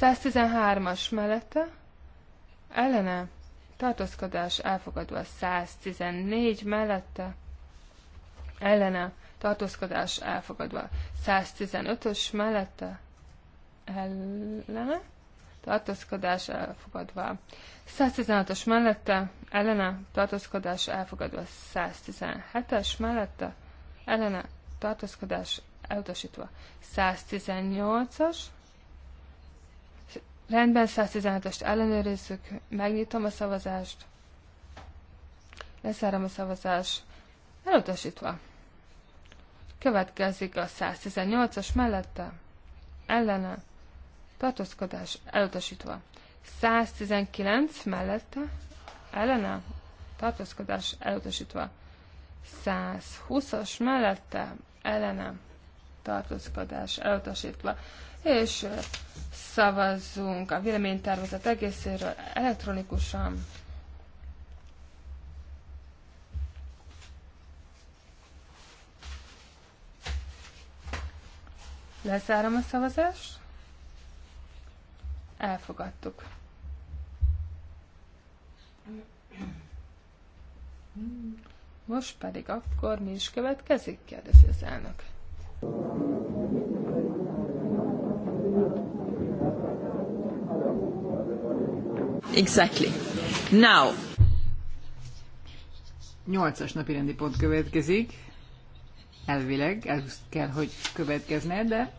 113-as mellette, ellene, tartózkodás elfogadva. 114 mellette, ellene, tartózkodás elfogadva. 115-ös mellette ellene, tartózkodás elfogadva. 116-os mellette ellene, tartózkodás elfogadva. 117-es mellette ellene, tartózkodás elutasítva. 118-as Rendben, 117-est ellenőrizzük, megnyitom a szavazást, leszárom a szavazást, elutasítva. Következik a 118-as mellette, ellene, tartózkodás elutasítva. 119 mellette, ellene, tartózkodás elutasítva. 120-as mellette, ellene, tartózkodás elutasítva. És szavazzunk a véleménytervezet egészéről elektronikusan. Lezárom a szavazást. Elfogadtuk. Most pedig akkor mi is következik? kérdezi az elnök. Exactly. Now. Nyolcas napi rendi pont következik elvileg ez kell, hogy következne, de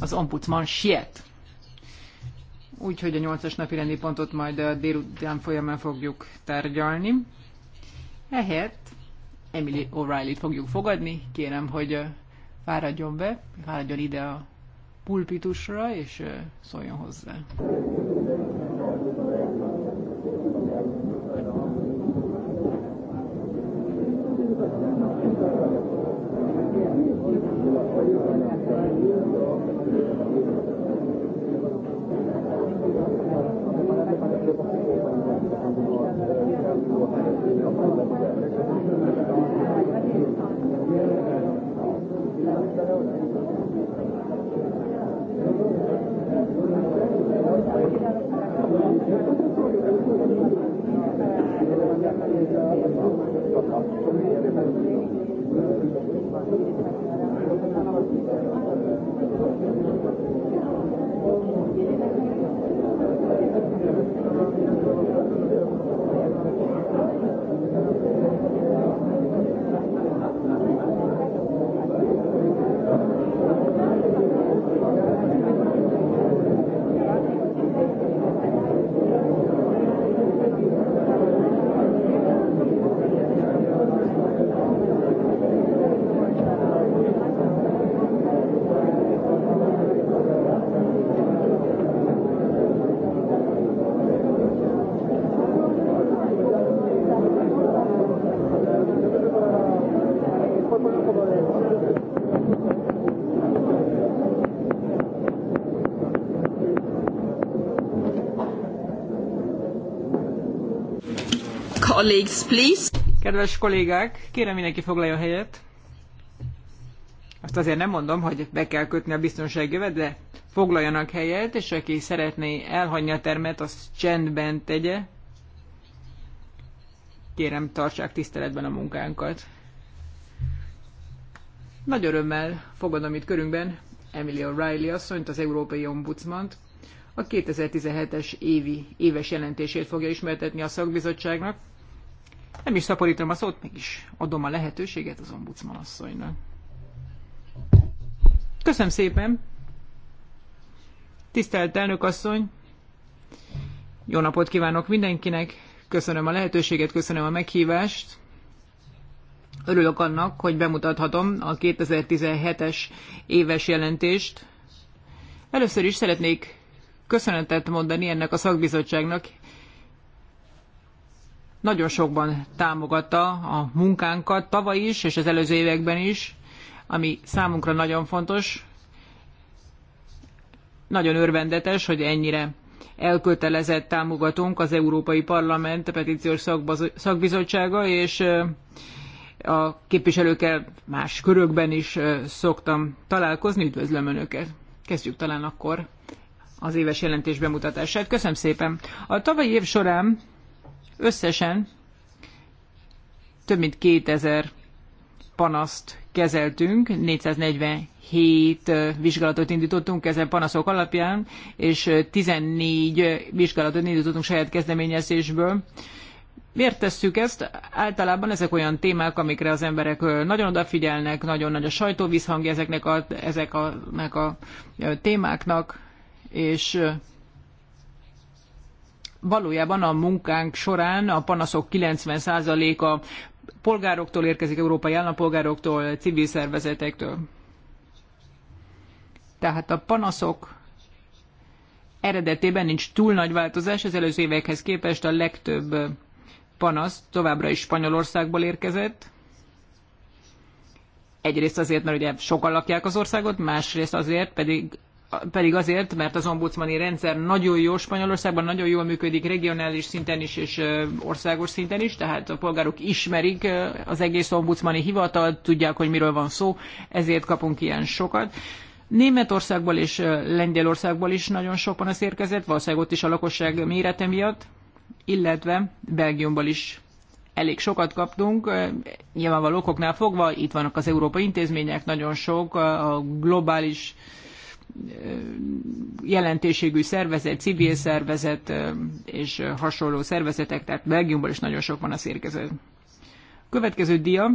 az ombudsman siet. Úgyhogy a nyolcas napi rendi pontot majd a délután folyamán fogjuk tárgyalni. Ehhez Emily O'Reilly-t fogjuk fogadni. Kérem, hogy fáradjon be, fáradjon ide a pulpitusra, és szóljon hozzá. colleagues, please. Kedves kollégák, kérem mindenki foglalja helyet. Azt azért nem mondom, hogy be kell kötni a biztonsági övet, de foglaljanak helyet, és aki szeretné elhagyni a termet, az csendben tegye. Kérem, tartsák tiszteletben a munkánkat. Nagy örömmel fogadom itt körünkben Emily O'Reilly asszonyt, az Európai Ombudsmant, a 2017-es évi éves jelentését fogja ismertetni a szakbizottságnak. Nem is szaporítom a szót, mégis adom a lehetőséget az ombudsman asszonynak. Köszönöm szépen! Tisztelt elnök asszony! Jó napot kívánok mindenkinek! Köszönöm a lehetőséget, köszönöm a meghívást. Örülök annak, hogy bemutathatom a 2017-es éves jelentést. Először is szeretnék köszönetet mondani ennek a szakbizottságnak, nagyon sokban támogatta a munkánkat tavaly is, és az előző években is, ami számunkra nagyon fontos. Nagyon örvendetes, hogy ennyire elkötelezett támogatónk az Európai Parlament petíciós szakbizottsága, és a képviselőkkel más körökben is szoktam találkozni. Üdvözlöm Önöket! Kezdjük talán akkor az éves jelentés bemutatását. Köszönöm szépen! A tavalyi év során Összesen több mint 2000 panaszt kezeltünk, 447 vizsgálatot indítottunk ezen panaszok alapján, és 14 vizsgálatot indítottunk saját kezdeményezésből. Miért tesszük ezt? Általában ezek olyan témák, amikre az emberek nagyon odafigyelnek, nagyon nagy a sajtóvízhangja ezeknek a, ezeknek a témáknak, és valójában a munkánk során a panaszok 90%-a polgároktól érkezik, európai állampolgároktól, civil szervezetektől. Tehát a panaszok eredetében nincs túl nagy változás, az előző évekhez képest a legtöbb panasz továbbra is Spanyolországból érkezett. Egyrészt azért, mert ugye sokan lakják az országot, másrészt azért pedig pedig azért, mert az ombudsmani rendszer nagyon jó Spanyolországban, nagyon jól működik regionális szinten is és országos szinten is, tehát a polgárok ismerik az egész ombudsmani hivatalt, tudják, hogy miről van szó, ezért kapunk ilyen sokat. Németországból és Lengyelországból is nagyon sok az érkezett, valószínűleg ott is a lakosság mérete miatt, illetve Belgiumból is elég sokat kaptunk, nyilvánvaló okoknál fogva, itt vannak az európai intézmények, nagyon sok, a globális jelentőségű szervezet, civil szervezet és hasonló szervezetek, tehát Belgiumból is nagyon sok van a szérkező. Következő dia,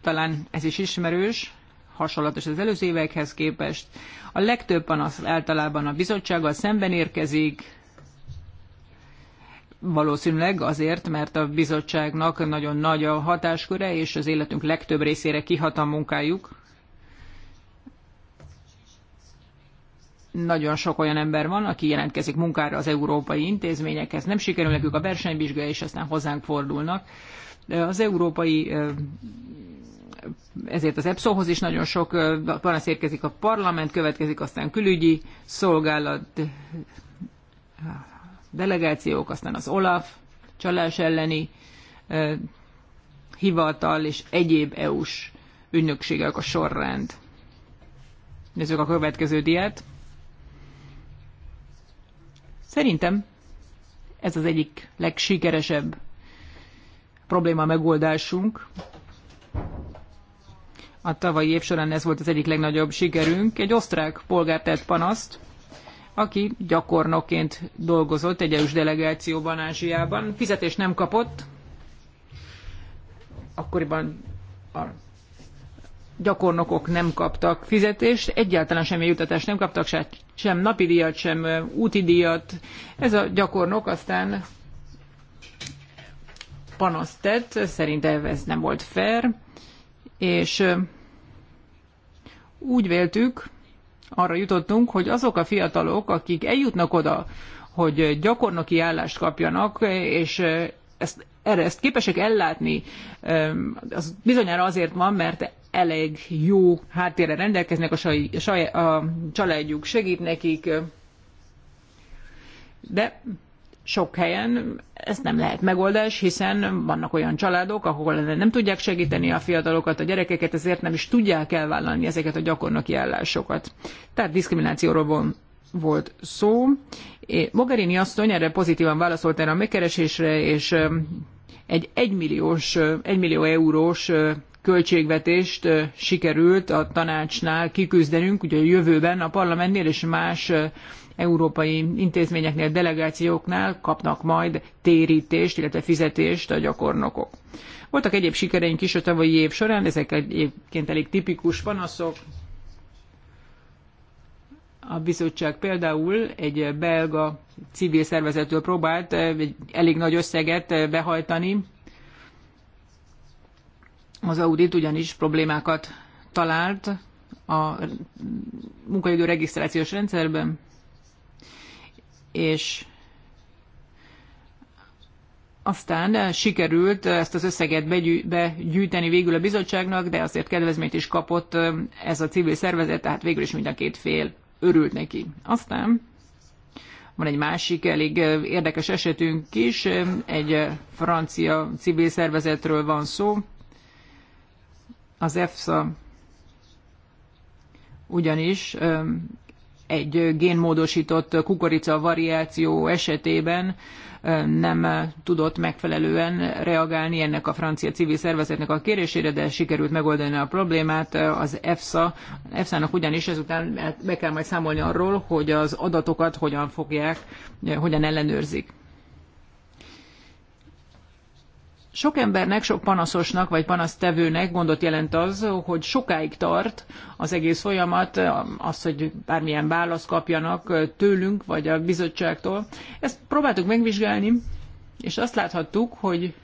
talán ez is ismerős, hasonlatos az előző évekhez képest. A legtöbb panasz általában a bizottsággal szemben érkezik, valószínűleg azért, mert a bizottságnak nagyon nagy a hatásköre, és az életünk legtöbb részére kihat a munkájuk. nagyon sok olyan ember van, aki jelentkezik munkára az európai intézményekhez, nem sikerül nekük a versenyvizsga, és aztán hozzánk fordulnak. Az európai ezért az epso hoz is nagyon sok panasz érkezik a parlament, következik aztán külügyi szolgálat, delegációk, aztán az OLAF, csalás elleni hivatal és egyéb EU-s ügynökségek a sorrend. Nézzük a következő diát. Szerintem ez az egyik legsikeresebb probléma megoldásunk. A tavalyi év során ez volt az egyik legnagyobb sikerünk. Egy osztrák polgár tett panaszt, aki gyakornokként dolgozott egy EU-s delegációban Ázsiában. Fizetés nem kapott, akkoriban a gyakornokok nem kaptak fizetést, egyáltalán semmi jutatást nem kaptak, se, sem napi díjat, sem úti díjat. Ez a gyakornok aztán panaszt tett, szerintem ez nem volt fair, és úgy véltük, arra jutottunk, hogy azok a fiatalok, akik eljutnak oda, hogy gyakornoki állást kapjanak, és ezt, erre ezt képesek ellátni, az bizonyára azért van, mert elég jó háttérre rendelkeznek, a, saj, a saj, a családjuk segít nekik, de sok helyen ez nem lehet megoldás, hiszen vannak olyan családok, ahol nem tudják segíteni a fiatalokat, a gyerekeket, ezért nem is tudják elvállalni ezeket a gyakornoki állásokat. Tehát diszkriminációról van volt szó. Mogherini asszony erre pozitívan válaszolt erre a megkeresésre, és egy egymilliós, egymillió eurós költségvetést sikerült a tanácsnál kiküzdenünk, ugye a jövőben a parlamentnél és más európai intézményeknél, delegációknál kapnak majd térítést, illetve fizetést a gyakornokok. Voltak egyéb sikereink is a tavalyi év során, ezek egyébként elég tipikus panaszok. A bizottság például egy belga civil szervezettől próbált egy elég nagy összeget behajtani az audit ugyanis problémákat talált a munkaidő regisztrációs rendszerben, és aztán sikerült ezt az összeget begyűjteni végül a bizottságnak, de azért kedvezményt is kapott ez a civil szervezet, tehát végül is mind a két fél örült neki. Aztán van egy másik elég érdekes esetünk is, egy francia civil szervezetről van szó, az EFSA ugyanis egy génmódosított kukorica variáció esetében nem tudott megfelelően reagálni ennek a francia civil szervezetnek a kérésére, de sikerült megoldani a problémát. Az EFSA, EFSA-nak ugyanis ezután be kell majd számolni arról, hogy az adatokat hogyan fogják, hogyan ellenőrzik. sok embernek, sok panaszosnak vagy panasztevőnek gondot jelent az, hogy sokáig tart az egész folyamat, az, hogy bármilyen választ kapjanak tőlünk vagy a bizottságtól. Ezt próbáltuk megvizsgálni, és azt láthattuk, hogy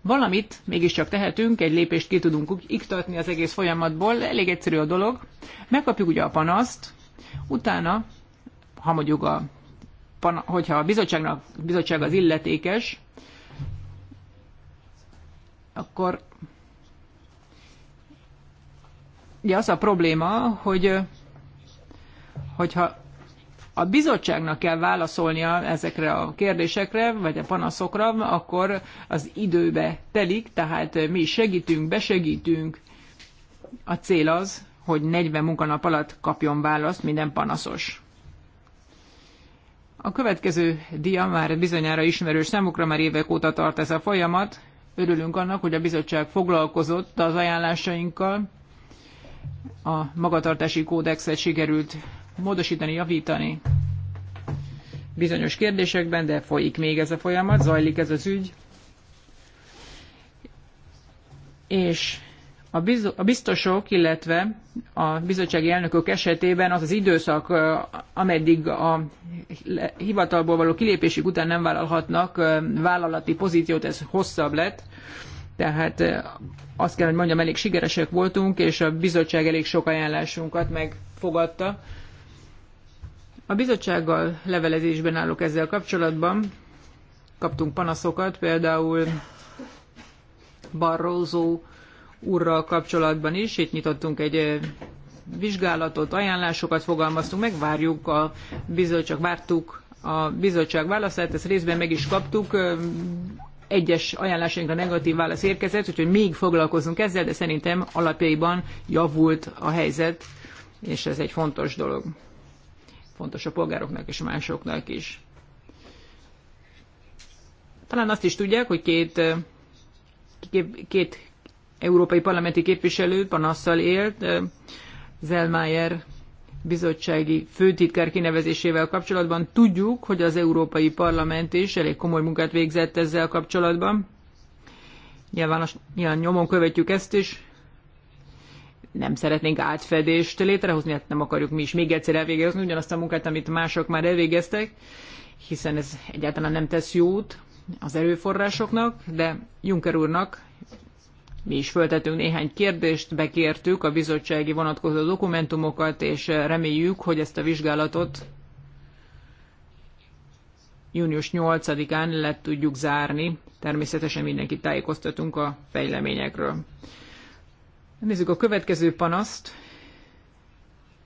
valamit mégiscsak tehetünk, egy lépést ki tudunk iktatni az egész folyamatból, elég egyszerű a dolog. Megkapjuk ugye a panaszt, utána, ha mondjuk a, hogyha a bizottságnak, bizottság az illetékes, akkor ugye az a probléma, hogy hogyha a bizottságnak kell válaszolnia ezekre a kérdésekre, vagy a panaszokra, akkor az időbe telik, tehát mi segítünk, besegítünk. A cél az, hogy 40 munkanap alatt kapjon választ minden panaszos. A következő dia már bizonyára ismerős számukra, már évek óta tart ez a folyamat. Örülünk annak, hogy a bizottság foglalkozott az ajánlásainkkal. A magatartási kódexet sikerült módosítani, javítani bizonyos kérdésekben, de folyik még ez a folyamat, zajlik ez az ügy. És a biztosok, illetve a bizottsági elnökök esetében az az időszak, ameddig a hivatalból való kilépésük után nem vállalhatnak vállalati pozíciót, ez hosszabb lett. Tehát azt kell, hogy mondjam, elég sikeresek voltunk, és a bizottság elég sok ajánlásunkat megfogadta. A bizottsággal levelezésben állok ezzel kapcsolatban. Kaptunk panaszokat, például Barroso úrral kapcsolatban is. Itt nyitottunk egy vizsgálatot, ajánlásokat fogalmaztunk meg, várjuk a bizottság, vártuk a bizottság válaszát, ezt részben meg is kaptuk. Egyes ajánlásainkra negatív válasz érkezett, úgyhogy még foglalkozunk ezzel, de szerintem alapjaiban javult a helyzet, és ez egy fontos dolog. Fontos a polgároknak és másoknak is. Talán azt is tudják, hogy két, két európai parlamenti képviselő panasszal élt Zelmayer bizottsági főtitkár kinevezésével kapcsolatban. Tudjuk, hogy az Európai Parlament is elég komoly munkát végzett ezzel kapcsolatban. Nyilván, nyilván nyomon követjük ezt is. Nem szeretnénk átfedést létrehozni, hát nem akarjuk mi is még egyszer elvégezni ugyanazt a munkát, amit mások már elvégeztek, hiszen ez egyáltalán nem tesz jót az erőforrásoknak, de Juncker úrnak mi is föltettünk néhány kérdést, bekértük a bizottsági vonatkozó dokumentumokat, és reméljük, hogy ezt a vizsgálatot június 8-án le tudjuk zárni. Természetesen mindenkit tájékoztatunk a fejleményekről. Nézzük a következő panaszt.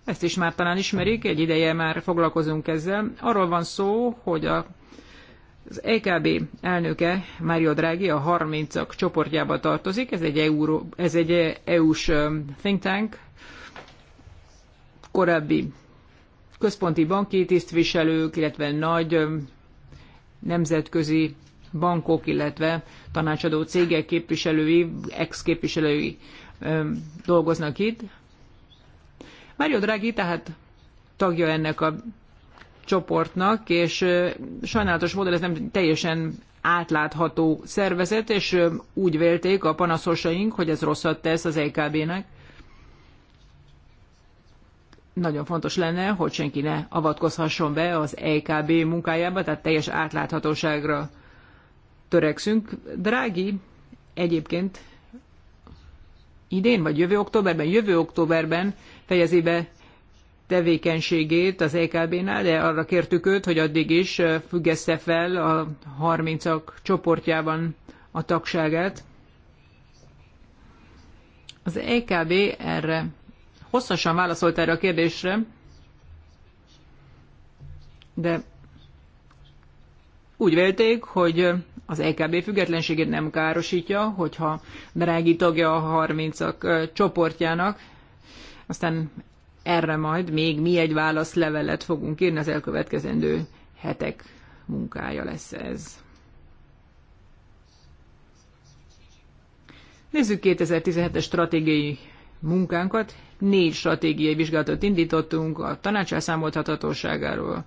Ezt is már talán ismerik, egy ideje már foglalkozunk ezzel. Arról van szó, hogy a az EKB elnöke, Mario Draghi, a 30-ak csoportjába tartozik, ez egy, Euró, ez egy EU-s think tank, korábbi központi banki tisztviselők, illetve nagy nemzetközi bankok, illetve tanácsadó cégek képviselői, ex-képviselői dolgoznak itt. Mario Draghi tehát tagja ennek a csoportnak, és sajnálatos módon ez nem teljesen átlátható szervezet, és úgy vélték a panaszosaink, hogy ez rosszat tesz az EKB-nek. Nagyon fontos lenne, hogy senki ne avatkozhasson be az EKB munkájába, tehát teljes átláthatóságra törekszünk. Drági egyébként idén vagy jövő októberben, jövő októberben fejezi be tevékenységét az EKB-nál, de arra kértük őt, hogy addig is függesse fel a 30-ak csoportjában a tagságát. Az EKB erre hosszasan válaszolt erre a kérdésre, de úgy vélték, hogy az EKB függetlenségét nem károsítja, hogyha Drági tagja a 30-ak csoportjának. Aztán erre majd még mi egy válaszlevelet fogunk írni, az elkövetkezendő hetek munkája lesz ez. Nézzük 2017-es stratégiai munkánkat. Négy stratégiai vizsgálatot indítottunk a tanács elszámolthatatóságáról,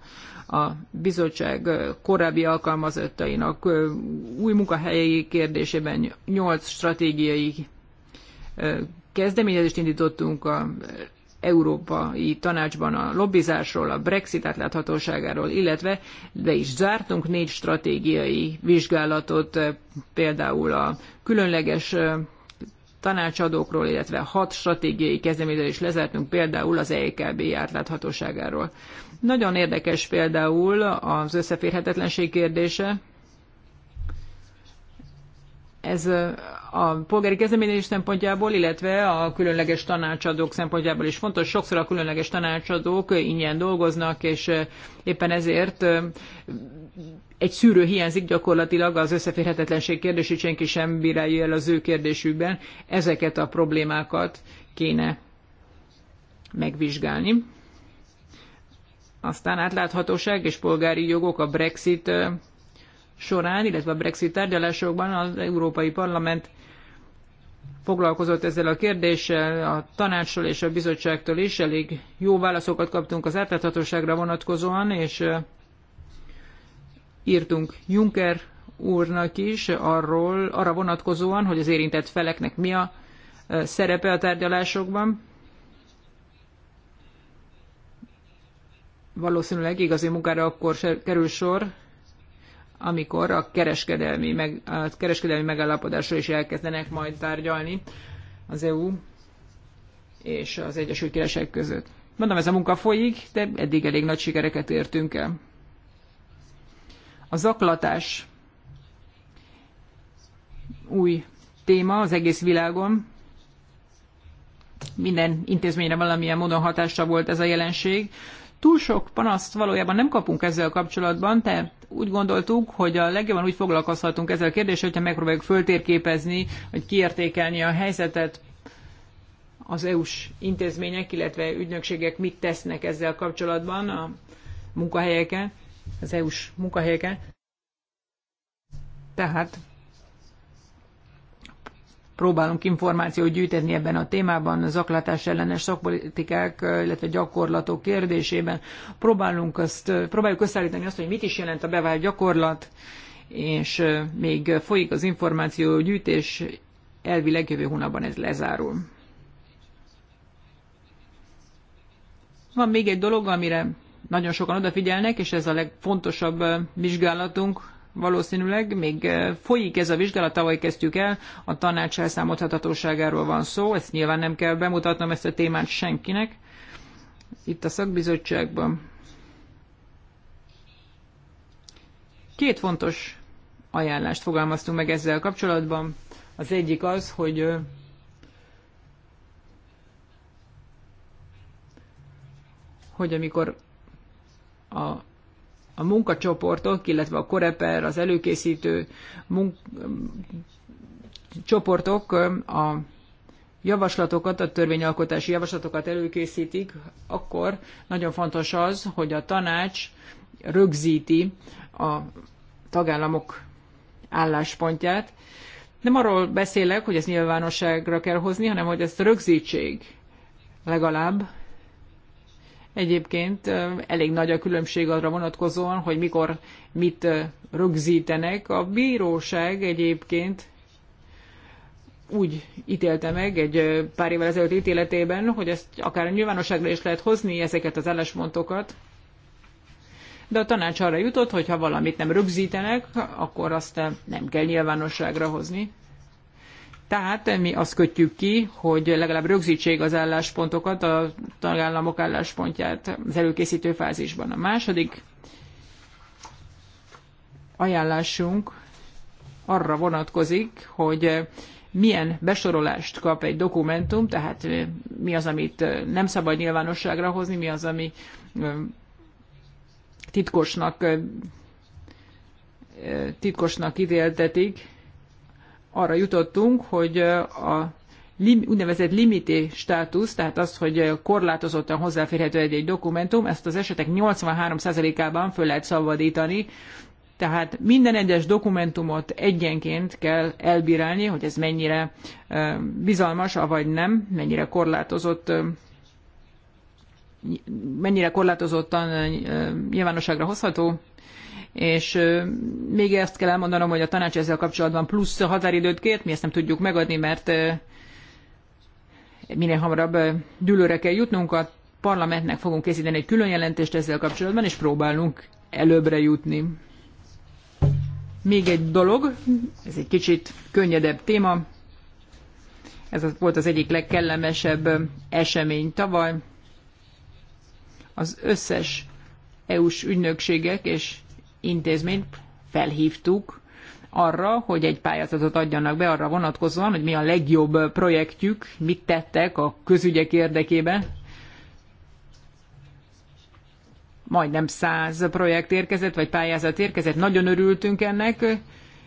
a bizottság korábbi alkalmazottainak új munkahelyi kérdésében nyolc stratégiai kezdeményezést indítottunk a Európai Tanácsban a lobbizásról, a Brexit átláthatóságáról, illetve be is zártunk négy stratégiai vizsgálatot, eh, például a különleges eh, tanácsadókról, illetve hat stratégiai kezdeményezést lezártunk, például az EKB átláthatóságáról. Nagyon érdekes például az összeférhetetlenség kérdése. Ez a polgári kezdeményezés szempontjából, illetve a különleges tanácsadók szempontjából is fontos. Sokszor a különleges tanácsadók ingyen dolgoznak, és éppen ezért egy szűrő hiányzik gyakorlatilag az összeférhetetlenség kérdését, senki sem bírálja el az ő kérdésükben. Ezeket a problémákat kéne megvizsgálni. Aztán átláthatóság és polgári jogok a Brexit során, illetve a Brexit tárgyalásokban az Európai Parlament foglalkozott ezzel a kérdéssel, a tanácsról és a bizottságtól is elég jó válaszokat kaptunk az átláthatóságra vonatkozóan, és írtunk Juncker úrnak is arról, arra vonatkozóan, hogy az érintett feleknek mi a szerepe a tárgyalásokban. Valószínűleg igazi munkára akkor kerül sor, amikor a kereskedelmi, meg, a kereskedelmi megállapodásra is elkezdenek majd tárgyalni az EU és az Egyesült Királyság között. Mondom, ez a munka folyik, de eddig elég nagy sikereket értünk el. A zaklatás új téma az egész világon. Minden intézményre valamilyen módon hatása volt ez a jelenség. Túl sok panaszt valójában nem kapunk ezzel kapcsolatban, tehát úgy gondoltuk, hogy a legjobban úgy foglalkozhatunk ezzel a kérdéssel, hogyha megpróbáljuk föltérképezni, vagy kiértékelni a helyzetet, az EU-s intézmények, illetve ügynökségek mit tesznek ezzel kapcsolatban a munkahelyeken, az EU-s munkahelyeken. Tehát próbálunk információt gyűjteni ebben a témában, a zaklatás ellenes szakpolitikák, illetve gyakorlatok kérdésében. Próbálunk azt, próbáljuk összeállítani azt, hogy mit is jelent a bevált gyakorlat, és még folyik az információ gyűjtés, elvileg jövő hónapban ez lezárul. Van még egy dolog, amire nagyon sokan odafigyelnek, és ez a legfontosabb vizsgálatunk, valószínűleg még folyik ez a vizsgálat, tavaly kezdtük el, a tanács elszámolthatatóságáról van szó, ezt nyilván nem kell bemutatnom ezt a témát senkinek itt a szakbizottságban. Két fontos ajánlást fogalmaztunk meg ezzel kapcsolatban. Az egyik az, hogy hogy amikor a a munkacsoportok, illetve a koreper, az előkészítő munk- csoportok a javaslatokat, a törvényalkotási javaslatokat előkészítik, akkor nagyon fontos az, hogy a tanács rögzíti a tagállamok álláspontját. Nem arról beszélek, hogy ezt nyilvánosságra kell hozni, hanem hogy ezt rögzítség legalább Egyébként elég nagy a különbség arra vonatkozóan, hogy mikor mit rögzítenek. A bíróság egyébként úgy ítélte meg egy pár évvel ezelőtt ítéletében, hogy ezt akár nyilvánosságra is lehet hozni ezeket az álláspontokat, de a tanács arra jutott, hogy ha valamit nem rögzítenek, akkor azt nem kell nyilvánosságra hozni. Tehát mi azt kötjük ki, hogy legalább rögzítsék az álláspontokat, a tagállamok álláspontját az előkészítő fázisban. A második ajánlásunk arra vonatkozik, hogy milyen besorolást kap egy dokumentum, tehát mi az, amit nem szabad nyilvánosságra hozni, mi az, ami titkosnak titkosnak ítéltetik, arra jutottunk, hogy a lim, úgynevezett limité státusz, tehát az, hogy korlátozottan hozzáférhető egy, egy dokumentum, ezt az esetek 83%-ában föl lehet szabadítani, tehát minden egyes dokumentumot egyenként kell elbírálni, hogy ez mennyire bizalmas, avagy nem, mennyire korlátozott mennyire korlátozottan nyilvánosságra hozható és még ezt kell elmondanom, hogy a tanács ezzel kapcsolatban plusz határidőt kért, mi ezt nem tudjuk megadni, mert minél hamarabb dülőre kell jutnunk, a parlamentnek fogunk készíteni egy külön jelentést ezzel kapcsolatban, és próbálunk előbbre jutni. Még egy dolog, ez egy kicsit könnyedebb téma, ez volt az egyik legkellemesebb esemény tavaly. Az összes EU-s ügynökségek és intézményt felhívtuk arra, hogy egy pályázatot adjanak be arra vonatkozóan, hogy mi a legjobb projektjük, mit tettek a közügyek érdekében. Majdnem száz projekt érkezett, vagy pályázat érkezett, nagyon örültünk ennek,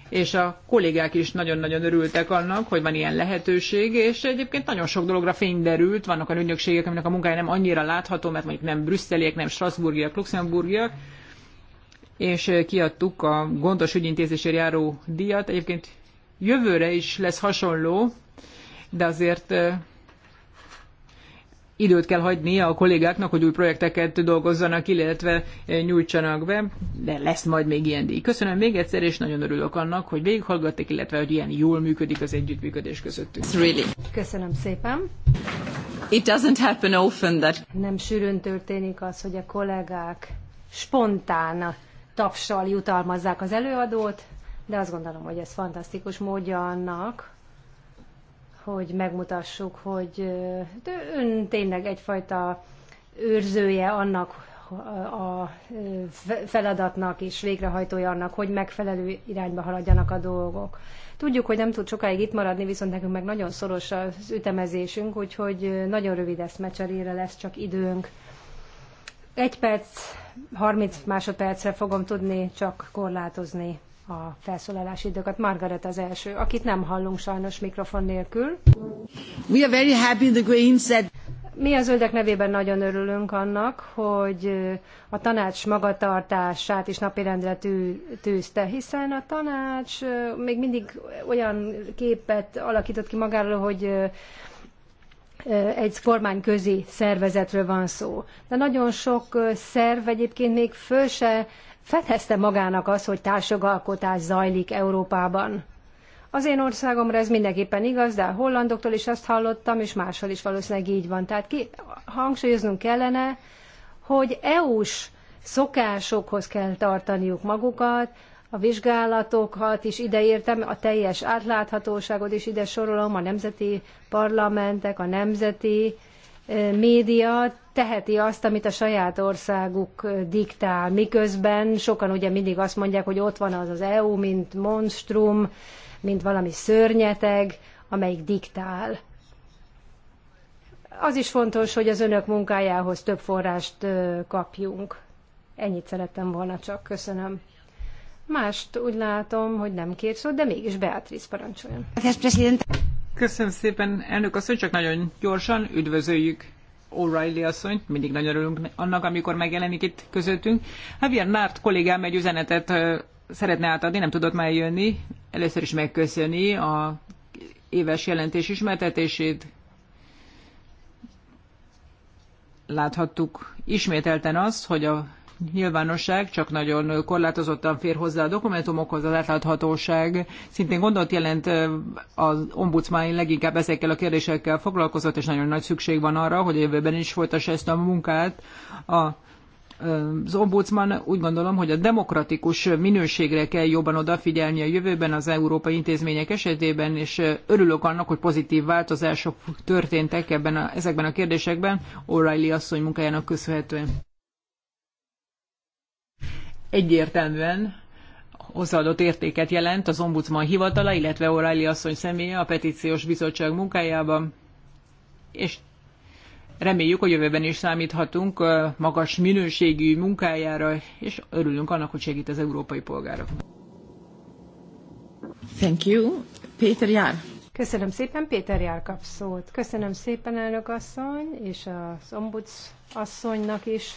és a kollégák is nagyon-nagyon örültek annak, hogy van ilyen lehetőség, és egyébként nagyon sok dologra fény derült, vannak a ügynökségek, aminek a munkája nem annyira látható, mert mondjuk nem brüsszeliek, nem strasburgiak, luxemburgiak, és kiadtuk a gondos ügyintézésért járó díjat. Egyébként jövőre is lesz hasonló, de azért időt kell hagyni a kollégáknak, hogy új projekteket dolgozzanak, illetve nyújtsanak be, de lesz majd még ilyen díj. Köszönöm még egyszer, és nagyon örülök annak, hogy végighallgatték, illetve hogy ilyen jól működik az együttműködés közöttünk. Really. Köszönöm szépen. It doesn't happen often that... Nem sűrűn történik az, hogy a kollégák spontán tapsal jutalmazzák az előadót, de azt gondolom, hogy ez fantasztikus módja annak, hogy megmutassuk, hogy ön tényleg egyfajta őrzője annak a feladatnak és végrehajtója annak, hogy megfelelő irányba haladjanak a dolgok. Tudjuk, hogy nem tud sokáig itt maradni, viszont nekünk meg nagyon szoros az ütemezésünk, úgyhogy nagyon rövid eszmecserére lesz csak időnk. Egy perc, 30 másodpercre fogom tudni csak korlátozni a felszólalási időket. Margaret az első, akit nem hallunk sajnos mikrofon nélkül. We are very happy the Greens said. mi az zöldek nevében nagyon örülünk annak, hogy a tanács magatartását is napirendre tű, tűzte, hiszen a tanács még mindig olyan képet alakított ki magáról, hogy egy kormányközi szervezetről van szó. De nagyon sok szerv egyébként még föl se fedezte magának az, hogy társjogalkotás zajlik Európában. Az én országomra ez mindenképpen igaz, de a hollandoktól is azt hallottam, és máshol is valószínűleg így van. Tehát ki, hangsúlyoznunk kellene, hogy EU-s szokásokhoz kell tartaniuk magukat, a vizsgálatokat is ideértem, a teljes átláthatóságot is ide sorolom, a nemzeti parlamentek, a nemzeti média teheti azt, amit a saját országuk diktál, miközben sokan ugye mindig azt mondják, hogy ott van az az EU, mint monstrum, mint valami szörnyeteg, amelyik diktál. Az is fontos, hogy az önök munkájához több forrást kapjunk. Ennyit szerettem volna csak. Köszönöm. Mást úgy látom, hogy nem kér szót, de mégis Beatriz parancsoljon. Köszönöm szépen, elnök asszony, csak nagyon gyorsan üdvözöljük O'Reilly asszonyt, mindig nagyon örülünk annak, amikor megjelenik itt közöttünk. Javier Nárt kollégám egy üzenetet szeretne átadni, nem tudott már jönni. Először is megköszöni a éves jelentés ismertetését. Láthattuk ismételten azt, hogy a nyilvánosság csak nagyon korlátozottan fér hozzá a dokumentumokhoz, az átláthatóság szintén gondot jelent, az ombudsman leginkább ezekkel a kérdésekkel foglalkozott, és nagyon nagy szükség van arra, hogy jövőben is folytassa ezt a munkát. A, az ombudsman úgy gondolom, hogy a demokratikus minőségre kell jobban odafigyelni a jövőben az európai intézmények esetében, és örülök annak, hogy pozitív változások történtek ebben a, ezekben a kérdésekben O'Reilly asszony munkájának köszönhetően egyértelműen hozzáadott értéket jelent az ombudsman hivatala, illetve O'Reilly asszony személye a petíciós bizottság munkájában, és reméljük, hogy jövőben is számíthatunk magas minőségű munkájára, és örülünk annak, hogy segít az európai polgároknak. Thank you. Péter Jár. Köszönöm szépen, Péter Jár kap szót. Köszönöm szépen, elnök asszony, és az ombudsasszonynak asszonynak is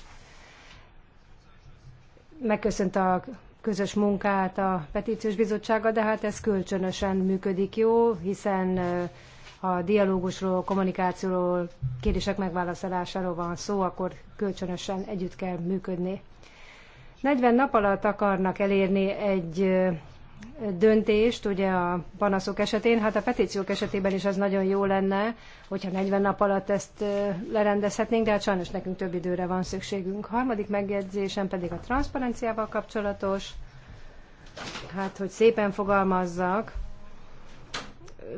megköszönt a közös munkát a petíciós bizottsága, de hát ez kölcsönösen működik jó, hiszen ha dialógusról, kommunikációról, kérdések megválaszolásáról van szó, akkor kölcsönösen együtt kell működni. 40 nap alatt akarnak elérni egy döntést ugye a panaszok esetén, hát a petíciók esetében is az nagyon jó lenne, hogyha 40 nap alatt ezt lerendezhetnénk, de hát sajnos nekünk több időre van szükségünk. Harmadik megjegyzésem pedig a transzparenciával kapcsolatos. Hát, hogy szépen fogalmazzak,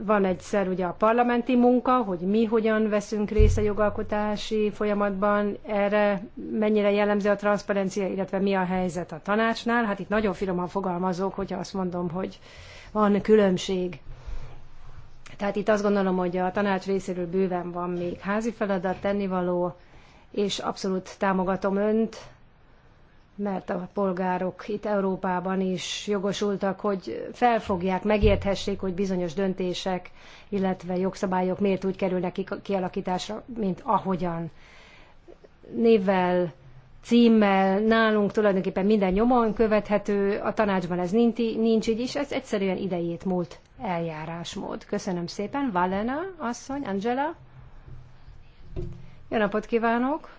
van egyszer ugye a parlamenti munka, hogy mi hogyan veszünk részt a jogalkotási folyamatban, erre mennyire jellemző a transzparencia, illetve mi a helyzet a tanácsnál. Hát itt nagyon finoman fogalmazok, hogyha azt mondom, hogy van különbség. Tehát itt azt gondolom, hogy a tanács részéről bőven van még házi feladat, tennivaló, és abszolút támogatom önt mert a polgárok itt Európában is jogosultak, hogy felfogják, megérthessék, hogy bizonyos döntések, illetve jogszabályok miért úgy kerülnek kialakításra, mint ahogyan. Névvel, címmel, nálunk tulajdonképpen minden nyomon követhető, a tanácsban ez nincs, nincs így is, ez egyszerűen idejét múlt eljárásmód. Köszönöm szépen, Valena asszony, Angela. Jó napot kívánok!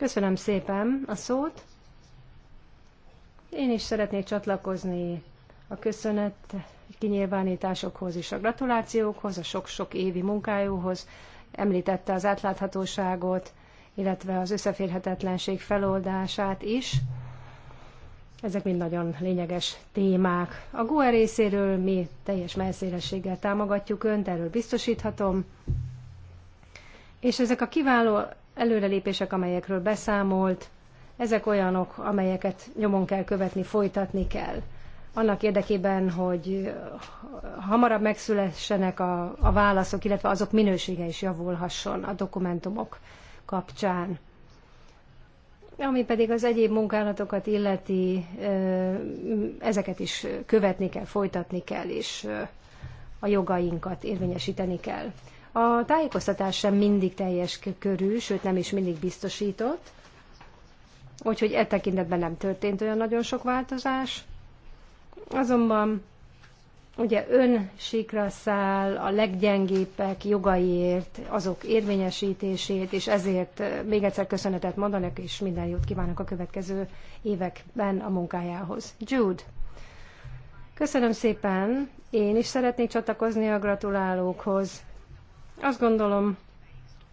Köszönöm szépen a szót. Én is szeretnék csatlakozni a köszönet kinyilvánításokhoz és a gratulációkhoz, a sok-sok évi munkájúhoz. Említette az átláthatóságot, illetve az összeférhetetlenség feloldását is. Ezek mind nagyon lényeges témák. A GUE részéről mi teljes melszélességgel támogatjuk Önt, erről biztosíthatom. És ezek a kiváló előrelépések, amelyekről beszámolt, ezek olyanok, amelyeket nyomon kell követni, folytatni kell. Annak érdekében, hogy hamarabb megszülessenek a, a válaszok, illetve azok minősége is javulhasson a dokumentumok kapcsán. Ami pedig az egyéb munkálatokat illeti, ezeket is követni kell, folytatni kell, és a jogainkat érvényesíteni kell. A tájékoztatás sem mindig teljes körű, sőt nem is mindig biztosított, úgyhogy e tekintetben nem történt olyan nagyon sok változás. Azonban ugye ön síkra száll a leggyengébbek jogaiért, azok érvényesítését, és ezért eh, még egyszer köszönetet mondanak, és minden jót kívánok a következő években a munkájához. Jude! Köszönöm szépen! Én is szeretnék csatlakozni a gratulálókhoz. Azt gondolom,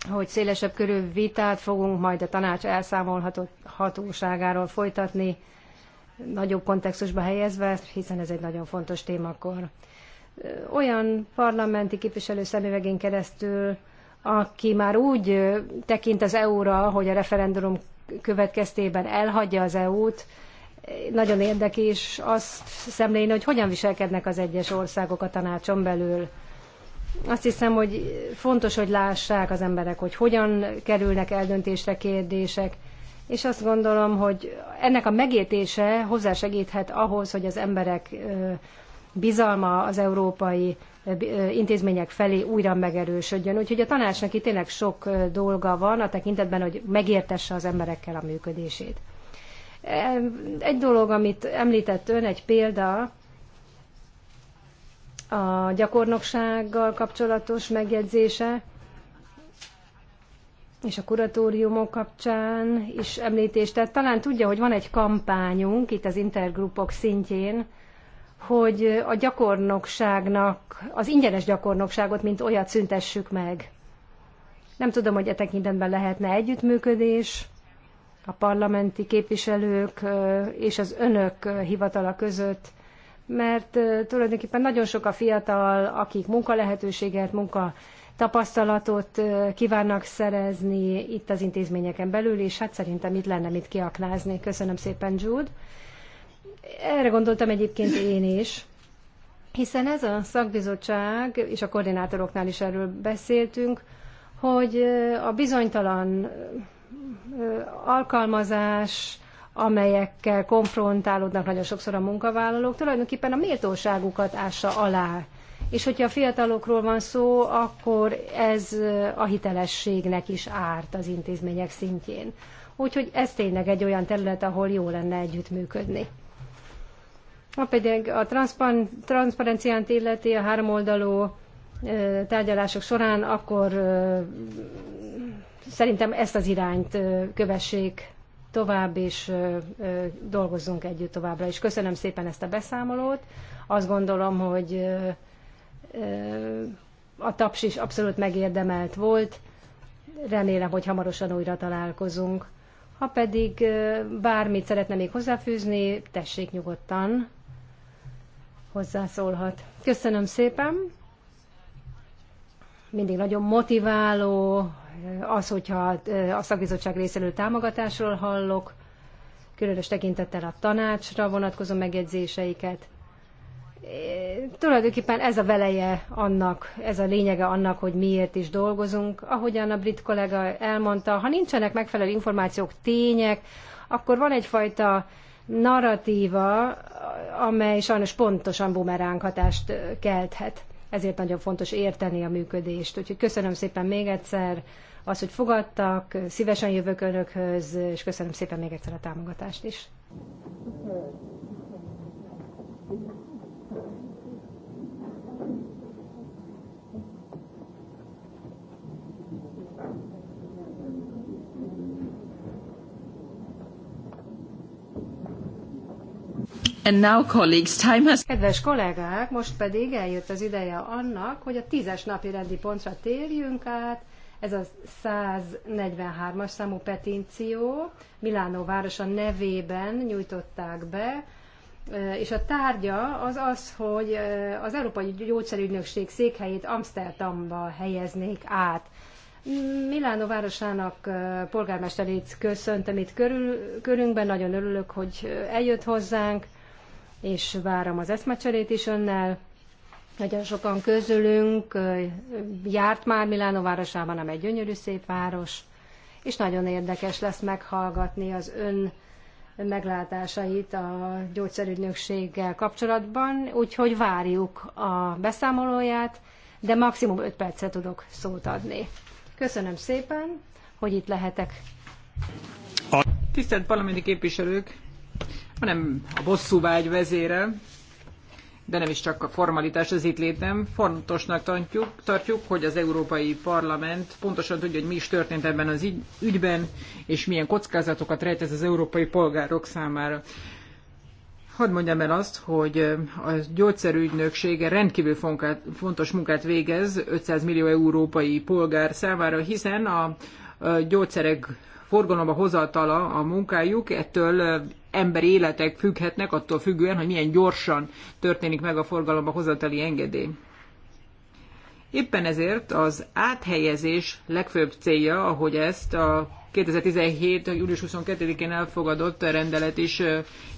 hogy szélesebb körű vitát fogunk majd a tanács elszámolhatóságáról folytatni, nagyobb kontextusba helyezve, hiszen ez egy nagyon fontos témakor. Olyan parlamenti képviselő szemüvegén keresztül, aki már úgy tekint az EU-ra, hogy a referendum következtében elhagyja az EU-t, nagyon érdekes azt szemlélni, hogy hogyan viselkednek az egyes országok a tanácson belül azt hiszem, hogy fontos, hogy lássák az emberek, hogy hogyan kerülnek eldöntésre kérdések, és azt gondolom, hogy ennek a megértése hozzásegíthet ahhoz, hogy az emberek bizalma az európai intézmények felé újra megerősödjön. Úgyhogy a tanácsnak itt tényleg sok dolga van a tekintetben, hogy megértesse az emberekkel a működését. Egy dolog, amit említett ön, egy példa, a gyakornoksággal kapcsolatos megjegyzése, és a kuratóriumok kapcsán is említést tett. Talán tudja, hogy van egy kampányunk itt az intergrupok szintjén, hogy a gyakornokságnak, az ingyenes gyakornokságot, mint olyat szüntessük meg. Nem tudom, hogy e tekintetben lehetne együttműködés a parlamenti képviselők és az önök hivatala között, mert tulajdonképpen nagyon sok a fiatal, akik munkalehetőséget, munka tapasztalatot kívánnak szerezni itt az intézményeken belül, és hát szerintem itt lenne mit kiaknázni. Köszönöm szépen, Jude. Erre gondoltam egyébként én is, hiszen ez a szakbizottság, és a koordinátoroknál is erről beszéltünk, hogy a bizonytalan alkalmazás, amelyekkel konfrontálódnak nagyon sokszor a munkavállalók, tulajdonképpen a méltóságukat ássa alá. És hogyha a fiatalokról van szó, akkor ez a hitelességnek is árt az intézmények szintjén. Úgyhogy ez tényleg egy olyan terület, ahol jó lenne együttműködni. Ma pedig a transzparenciánt illeti a háromoldalú tárgyalások során, akkor szerintem ezt az irányt kövessék tovább, és dolgozzunk együtt továbbra is. Köszönöm szépen ezt a beszámolót. Azt gondolom, hogy a taps is abszolút megérdemelt volt. Remélem, hogy hamarosan újra találkozunk. Ha pedig bármit szeretne még hozzáfűzni, tessék nyugodtan, hozzászólhat. Köszönöm szépen! Mindig nagyon motiváló az, hogyha eh, a szakbizottság részéről támogatásról hallok, különös tekintettel a tanácsra vonatkozó megjegyzéseiket. Eh, tulajdonképpen ez a veleje annak, ez a lényege annak, hogy miért is dolgozunk. Ahogyan a brit kollega elmondta, ha nincsenek megfelelő információk, tények, akkor van egyfajta narratíva, amely sajnos pontosan bumeránk hatást eh, kelthet. Ezért nagyon fontos érteni a működést. Úgyhogy köszönöm szépen még egyszer az, hogy fogadtak, szívesen jövök önökhöz, és köszönöm szépen még egyszer a támogatást is. And now, colleagues, time has... Kedves kollégák, most pedig eljött az ideje annak, hogy a tízes napi rendi pontra térjünk át, ez a 143-as számú petíció Milánó városa nevében nyújtották be, és a tárgya az az, hogy az Európai Gyógyszerügynökség székhelyét Amsterdamba helyeznék át. Milánó városának polgármesterét köszöntöm itt körül, körünkben, nagyon örülök, hogy eljött hozzánk, és várom az eszmecserét is önnel. Nagyon sokan közülünk járt már Milánó városában, amely gyönyörű szép város, és nagyon érdekes lesz meghallgatni az ön meglátásait a gyógyszerügynökséggel kapcsolatban, úgyhogy várjuk a beszámolóját, de maximum 5 percet tudok szót adni. Köszönöm szépen, hogy itt lehetek. A... Tisztelt parlamenti képviselők, hanem a bosszúvágy vezére, de nem is csak a formalitás az itt létem. Fontosnak tartjuk, tartjuk, hogy az Európai Parlament pontosan tudja, hogy mi is történt ebben az ügyben, és milyen kockázatokat rejt az európai polgárok számára. Hadd mondjam el azt, hogy a gyógyszerügynöksége rendkívül fontos munkát végez 500 millió európai polgár számára, hiszen a gyógyszerek forgalomba hozatala a munkájuk, ettől emberi életek függhetnek, attól függően, hogy milyen gyorsan történik meg a forgalomba hozatali engedély. Éppen ezért az áthelyezés legfőbb célja, ahogy ezt a 2017. július 22-én elfogadott rendelet is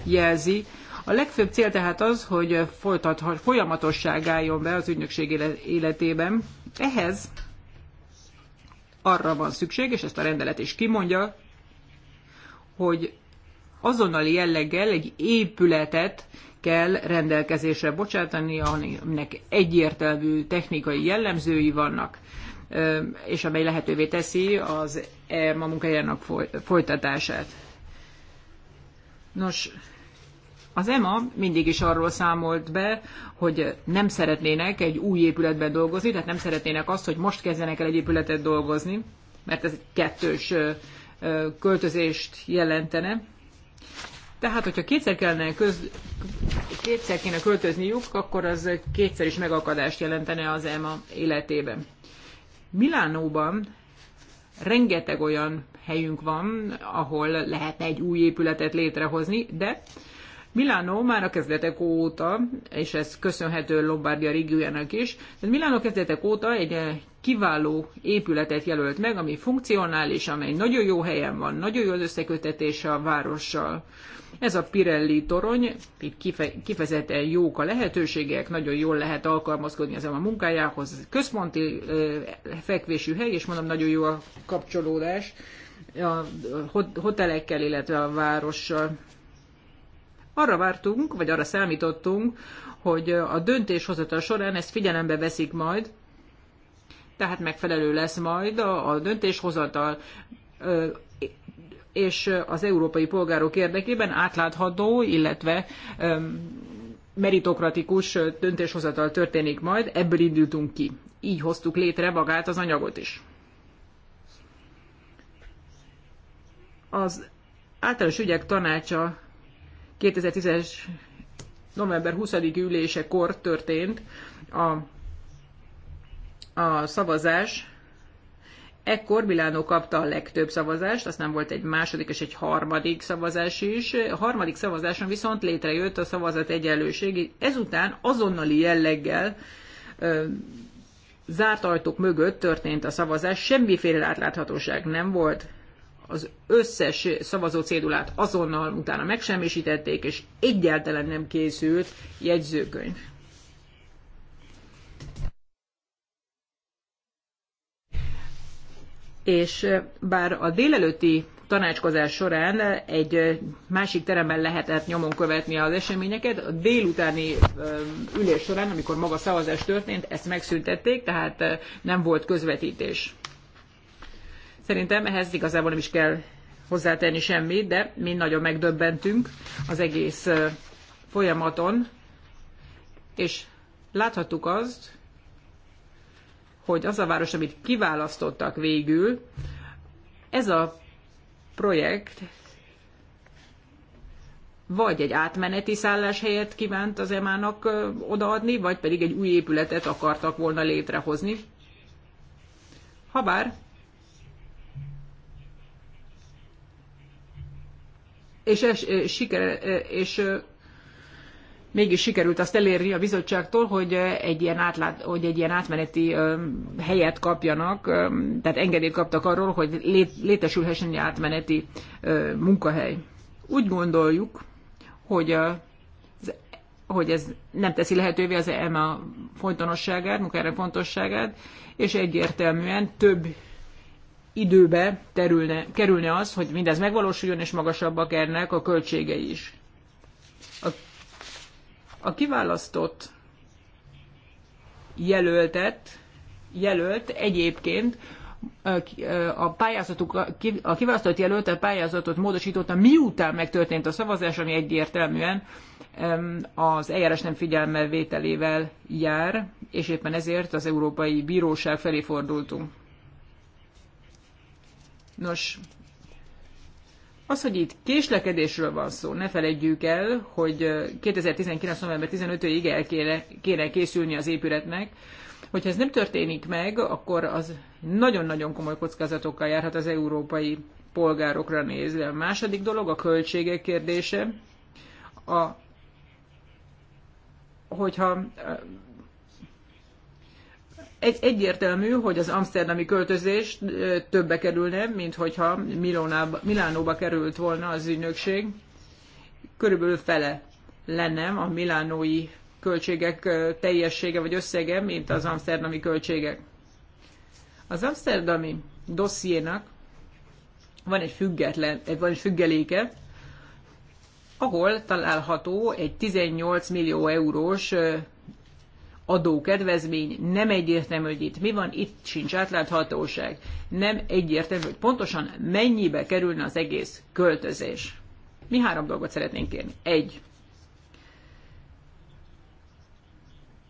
jelzi. A legfőbb cél tehát az, hogy folytathat, folyamatosság álljon be az ügynökség életében. Ehhez arra van szükség, és ezt a rendelet is kimondja, hogy azonnali jelleggel egy épületet kell rendelkezésre bocsátani, aminek egyértelmű technikai jellemzői vannak, és amely lehetővé teszi az e munkájának folytatását. Nos, az EMA mindig is arról számolt be, hogy nem szeretnének egy új épületben dolgozni, tehát nem szeretnének azt, hogy most kezdenek el egy épületet dolgozni, mert ez egy kettős költözést jelentene. Tehát, hogyha kétszer, kellene köz... kétszer kéne költözniük, akkor az kétszer is megakadást jelentene az EMA életében. Milánóban rengeteg olyan helyünk van, ahol lehet egy új épületet létrehozni, de Milánó már a kezdetek óta, és ez köszönhető Lombardia régiójának is, de Milánó kezdetek óta egy eh, kiváló épületet jelölt meg, ami funkcionális, amely nagyon jó helyen van, nagyon jó az összekötetése a várossal. Ez a Pirelli torony, itt kifejezetten jók a lehetőségek, nagyon jól lehet alkalmazkodni az a munkájához, központi eh, fekvésű hely, és mondom, nagyon jó a kapcsolódás a hotelekkel, illetve a várossal. Arra vártunk, vagy arra számítottunk, hogy a döntéshozatal során ezt figyelembe veszik majd, tehát megfelelő lesz majd a, döntéshozatal és az európai polgárok érdekében átlátható, illetve meritokratikus döntéshozatal történik majd, ebből indultunk ki. Így hoztuk létre magát az anyagot is. Az általános ügyek tanácsa 2010-es november 20. ülésekor történt a, a szavazás. Ekkor Milánó kapta a legtöbb szavazást, aztán volt egy második és egy harmadik szavazás is. A harmadik szavazáson viszont létrejött a szavazat egyenlőség. Ezután azonnali jelleggel ö, zárt ajtók mögött történt a szavazás, semmiféle átláthatóság nem volt az összes szavazó cédulát azonnal utána megsemmisítették, és egyáltalán nem készült jegyzőkönyv. És bár a délelőtti tanácskozás során egy másik teremben lehetett nyomon követni az eseményeket. A délutáni ülés során, amikor maga szavazás történt, ezt megszüntették, tehát nem volt közvetítés. Szerintem ehhez igazából nem is kell hozzátenni semmit, de mi nagyon megdöbbentünk az egész folyamaton, és láthattuk azt, hogy az a város, amit kiválasztottak végül, ez a projekt vagy egy átmeneti szálláshelyet kívánt az emának odaadni, vagy pedig egy új épületet akartak volna létrehozni. Habár és, es, siker, és mégis sikerült azt elérni a bizottságtól, hogy egy ilyen, átlát, hogy egy ilyen átmeneti helyet kapjanak, tehát engedélyt kaptak arról, hogy létesülhessen egy átmeneti munkahely. Úgy gondoljuk, hogy hogy ez nem teszi lehetővé az EMA fontosságát, munkára fontosságát, és egyértelműen több időbe terülne, kerülne az, hogy mindez megvalósuljon, és magasabbak ennek a költségei is. A, a kiválasztott jelöltet, jelölt egyébként a, pályázatuk, a kiválasztott jelölt a pályázatot módosította, miután megtörtént a szavazás, ami egyértelműen az eljárás nem figyelmelvételével jár, és éppen ezért az Európai Bíróság felé fordultunk. Nos, az, hogy itt késlekedésről van szó, ne felejtjük el, hogy 2019. november 15-ig el kéne, kéne készülni az épületnek. Hogyha ez nem történik meg, akkor az nagyon-nagyon komoly kockázatokkal járhat az európai polgárokra nézve. A második dolog a költségek kérdése. A, hogyha egy, egyértelmű, hogy az amsterdami költözés többe kerülne, mint hogyha Milónába, Milánóba került volna az ügynökség. Körülbelül fele lenne a milánói költségek teljessége vagy összege, mint az amsterdami költségek. Az amsterdami dossziénak van egy, független, van egy függeléke, ahol található egy 18 millió eurós adókedvezmény, nem egyértelmű, hogy itt mi van, itt sincs átláthatóság, nem egyértelmű, hogy pontosan mennyibe kerülne az egész költözés. Mi három dolgot szeretnénk kérni. Egy.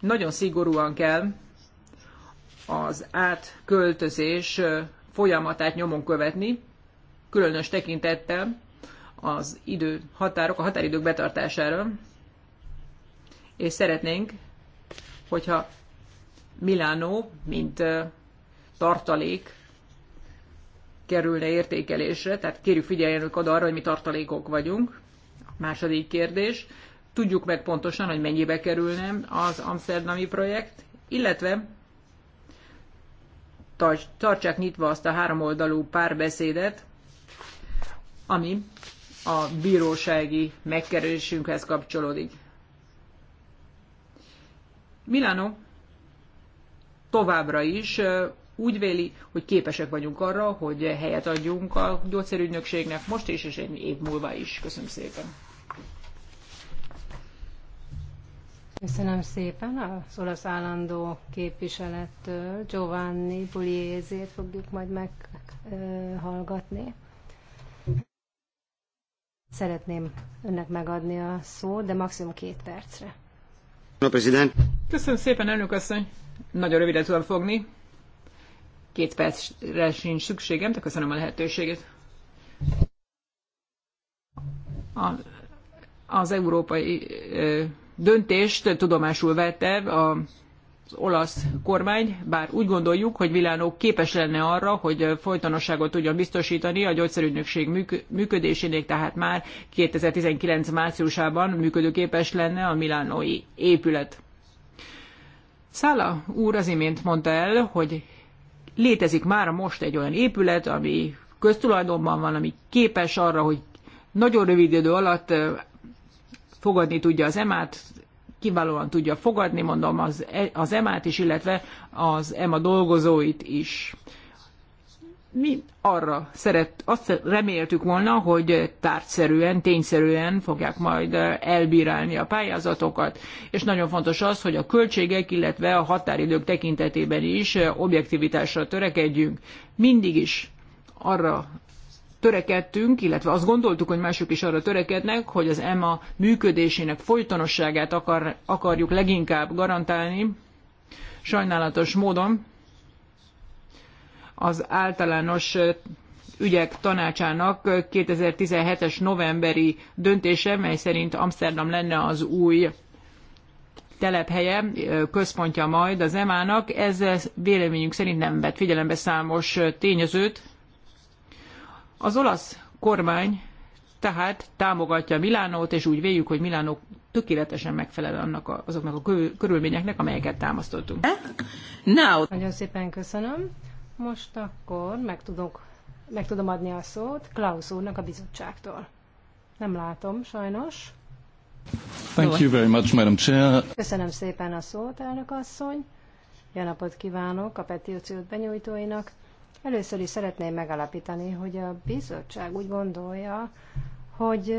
Nagyon szigorúan kell az átköltözés folyamatát nyomon követni, különös tekintettel az idő határok, a határidők betartására, és szeretnénk hogyha Milánó, mint tartalék kerülne értékelésre, tehát kérjük figyeljenek oda arra, hogy mi tartalékok vagyunk. Második kérdés, tudjuk meg pontosan, hogy mennyibe kerülne az amsterdami projekt, illetve tartsák nyitva azt a háromoldalú párbeszédet, ami a bírósági megkerülésünkhez kapcsolódik. Milano továbbra is úgy véli, hogy képesek vagyunk arra, hogy helyet adjunk a gyógyszerügynökségnek most is, és egy év múlva is. Köszönöm szépen. Köszönöm szépen az olasz állandó képviselettől Giovanni Pugliézét fogjuk majd meghallgatni. Szeretném önnek megadni a szót, de maximum két percre. Köszönöm, Köszönöm szépen, elnök asszony. Nagyon rövidre tudom fogni. Két percre sincs szükségem, de köszönöm a lehetőséget. A, az európai ö, döntést tudomásul vette a az olasz kormány, bár úgy gondoljuk, hogy Vilánó képes lenne arra, hogy folytonosságot tudjon biztosítani a gyógyszerügynökség működésének, tehát már 2019 márciusában működőképes lenne a milánói épület. Szála úr az imént mondta el, hogy létezik már most egy olyan épület, ami köztulajdonban van, ami képes arra, hogy nagyon rövid idő alatt fogadni tudja az emát, kiválóan tudja fogadni, mondom, az, e- az emát is, illetve az ema dolgozóit is mi arra szeret, azt reméltük volna, hogy tárgyszerűen, tényszerűen fogják majd elbírálni a pályázatokat, és nagyon fontos az, hogy a költségek, illetve a határidők tekintetében is objektivitásra törekedjünk. Mindig is arra törekedtünk, illetve azt gondoltuk, hogy mások is arra törekednek, hogy az EMA működésének folytonosságát akar, akarjuk leginkább garantálni. Sajnálatos módon az általános ügyek tanácsának 2017-es novemberi döntése, mely szerint Amsterdam lenne az új telephelye, központja majd az EMA-nak. Ez véleményünk szerint nem vett figyelembe számos tényezőt. Az olasz kormány tehát támogatja Milánót, és úgy véljük, hogy Milánó tökéletesen megfelel annak a, azoknak a körülményeknek, amelyeket támasztottunk. Now. Nagyon szépen köszönöm. Most akkor meg, tudok, meg tudom adni a szót Klaus úrnak a bizottságtól. Nem látom, sajnos. Thank you very much, Madam Chair. Köszönöm szépen a szót, elnök asszony. Jó napot kívánok a petíciót benyújtóinak. Először is szeretném megalapítani, hogy a bizottság úgy gondolja, hogy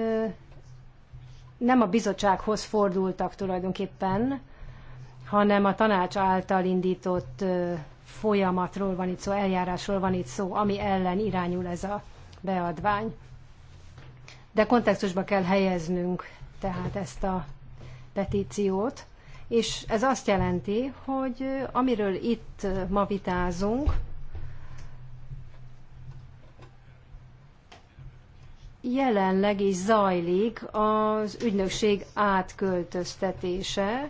nem a bizottsághoz fordultak tulajdonképpen, hanem a tanács által indított folyamatról van itt szó, eljárásról van itt szó, ami ellen irányul ez a beadvány. De kontextusba kell helyeznünk tehát ezt a petíciót, és ez azt jelenti, hogy amiről itt ma vitázunk, jelenleg is zajlik az ügynökség átköltöztetése,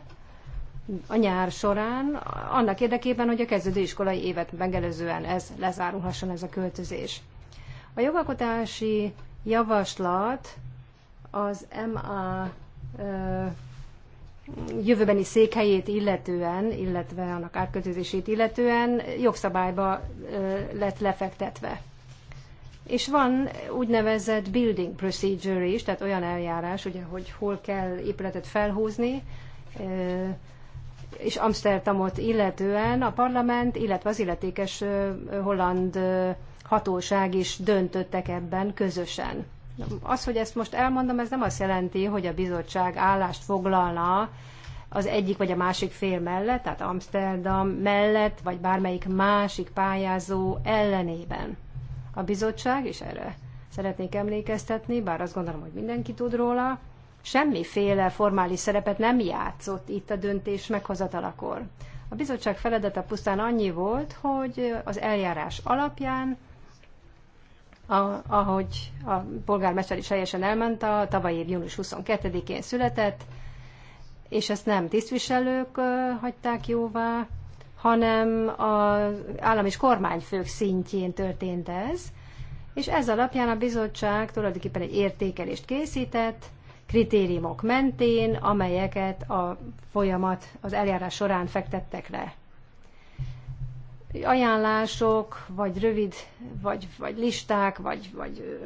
a nyár során, annak érdekében, hogy a kezdődő iskolai évet megelőzően ez lezárulhasson ez a költözés. A jogalkotási javaslat az MA ö, jövőbeni székhelyét illetően, illetve annak átkötözését illetően jogszabályba ö, lett lefektetve. És van úgynevezett building procedure is, tehát olyan eljárás, ugye, hogy hol kell épületet felhúzni, ö, és Amsterdamot illetően a parlament, illetve az illetékes holland hatóság is döntöttek ebben közösen. Az, hogy ezt most elmondom, ez nem azt jelenti, hogy a bizottság állást foglalna az egyik vagy a másik fél mellett, tehát Amsterdam mellett, vagy bármelyik másik pályázó ellenében. A bizottság, és erre szeretnék emlékeztetni, bár azt gondolom, hogy mindenki tud róla, semmiféle formális szerepet nem játszott itt a döntés meghozatalakor. A bizottság feladata pusztán annyi volt, hogy az eljárás alapján, a ahogy a polgármester is helyesen elmondta, tavaly év június 22-én született, és ezt nem tisztviselők hagyták jóvá, hanem az állam és kormányfők szintjén történt ez, és ez alapján a bizottság tulajdonképpen egy értékelést készített, kritériumok mentén, amelyeket a folyamat az eljárás során fektettek le. Ajánlások, vagy rövid, vagy, vagy listák, vagy, vagy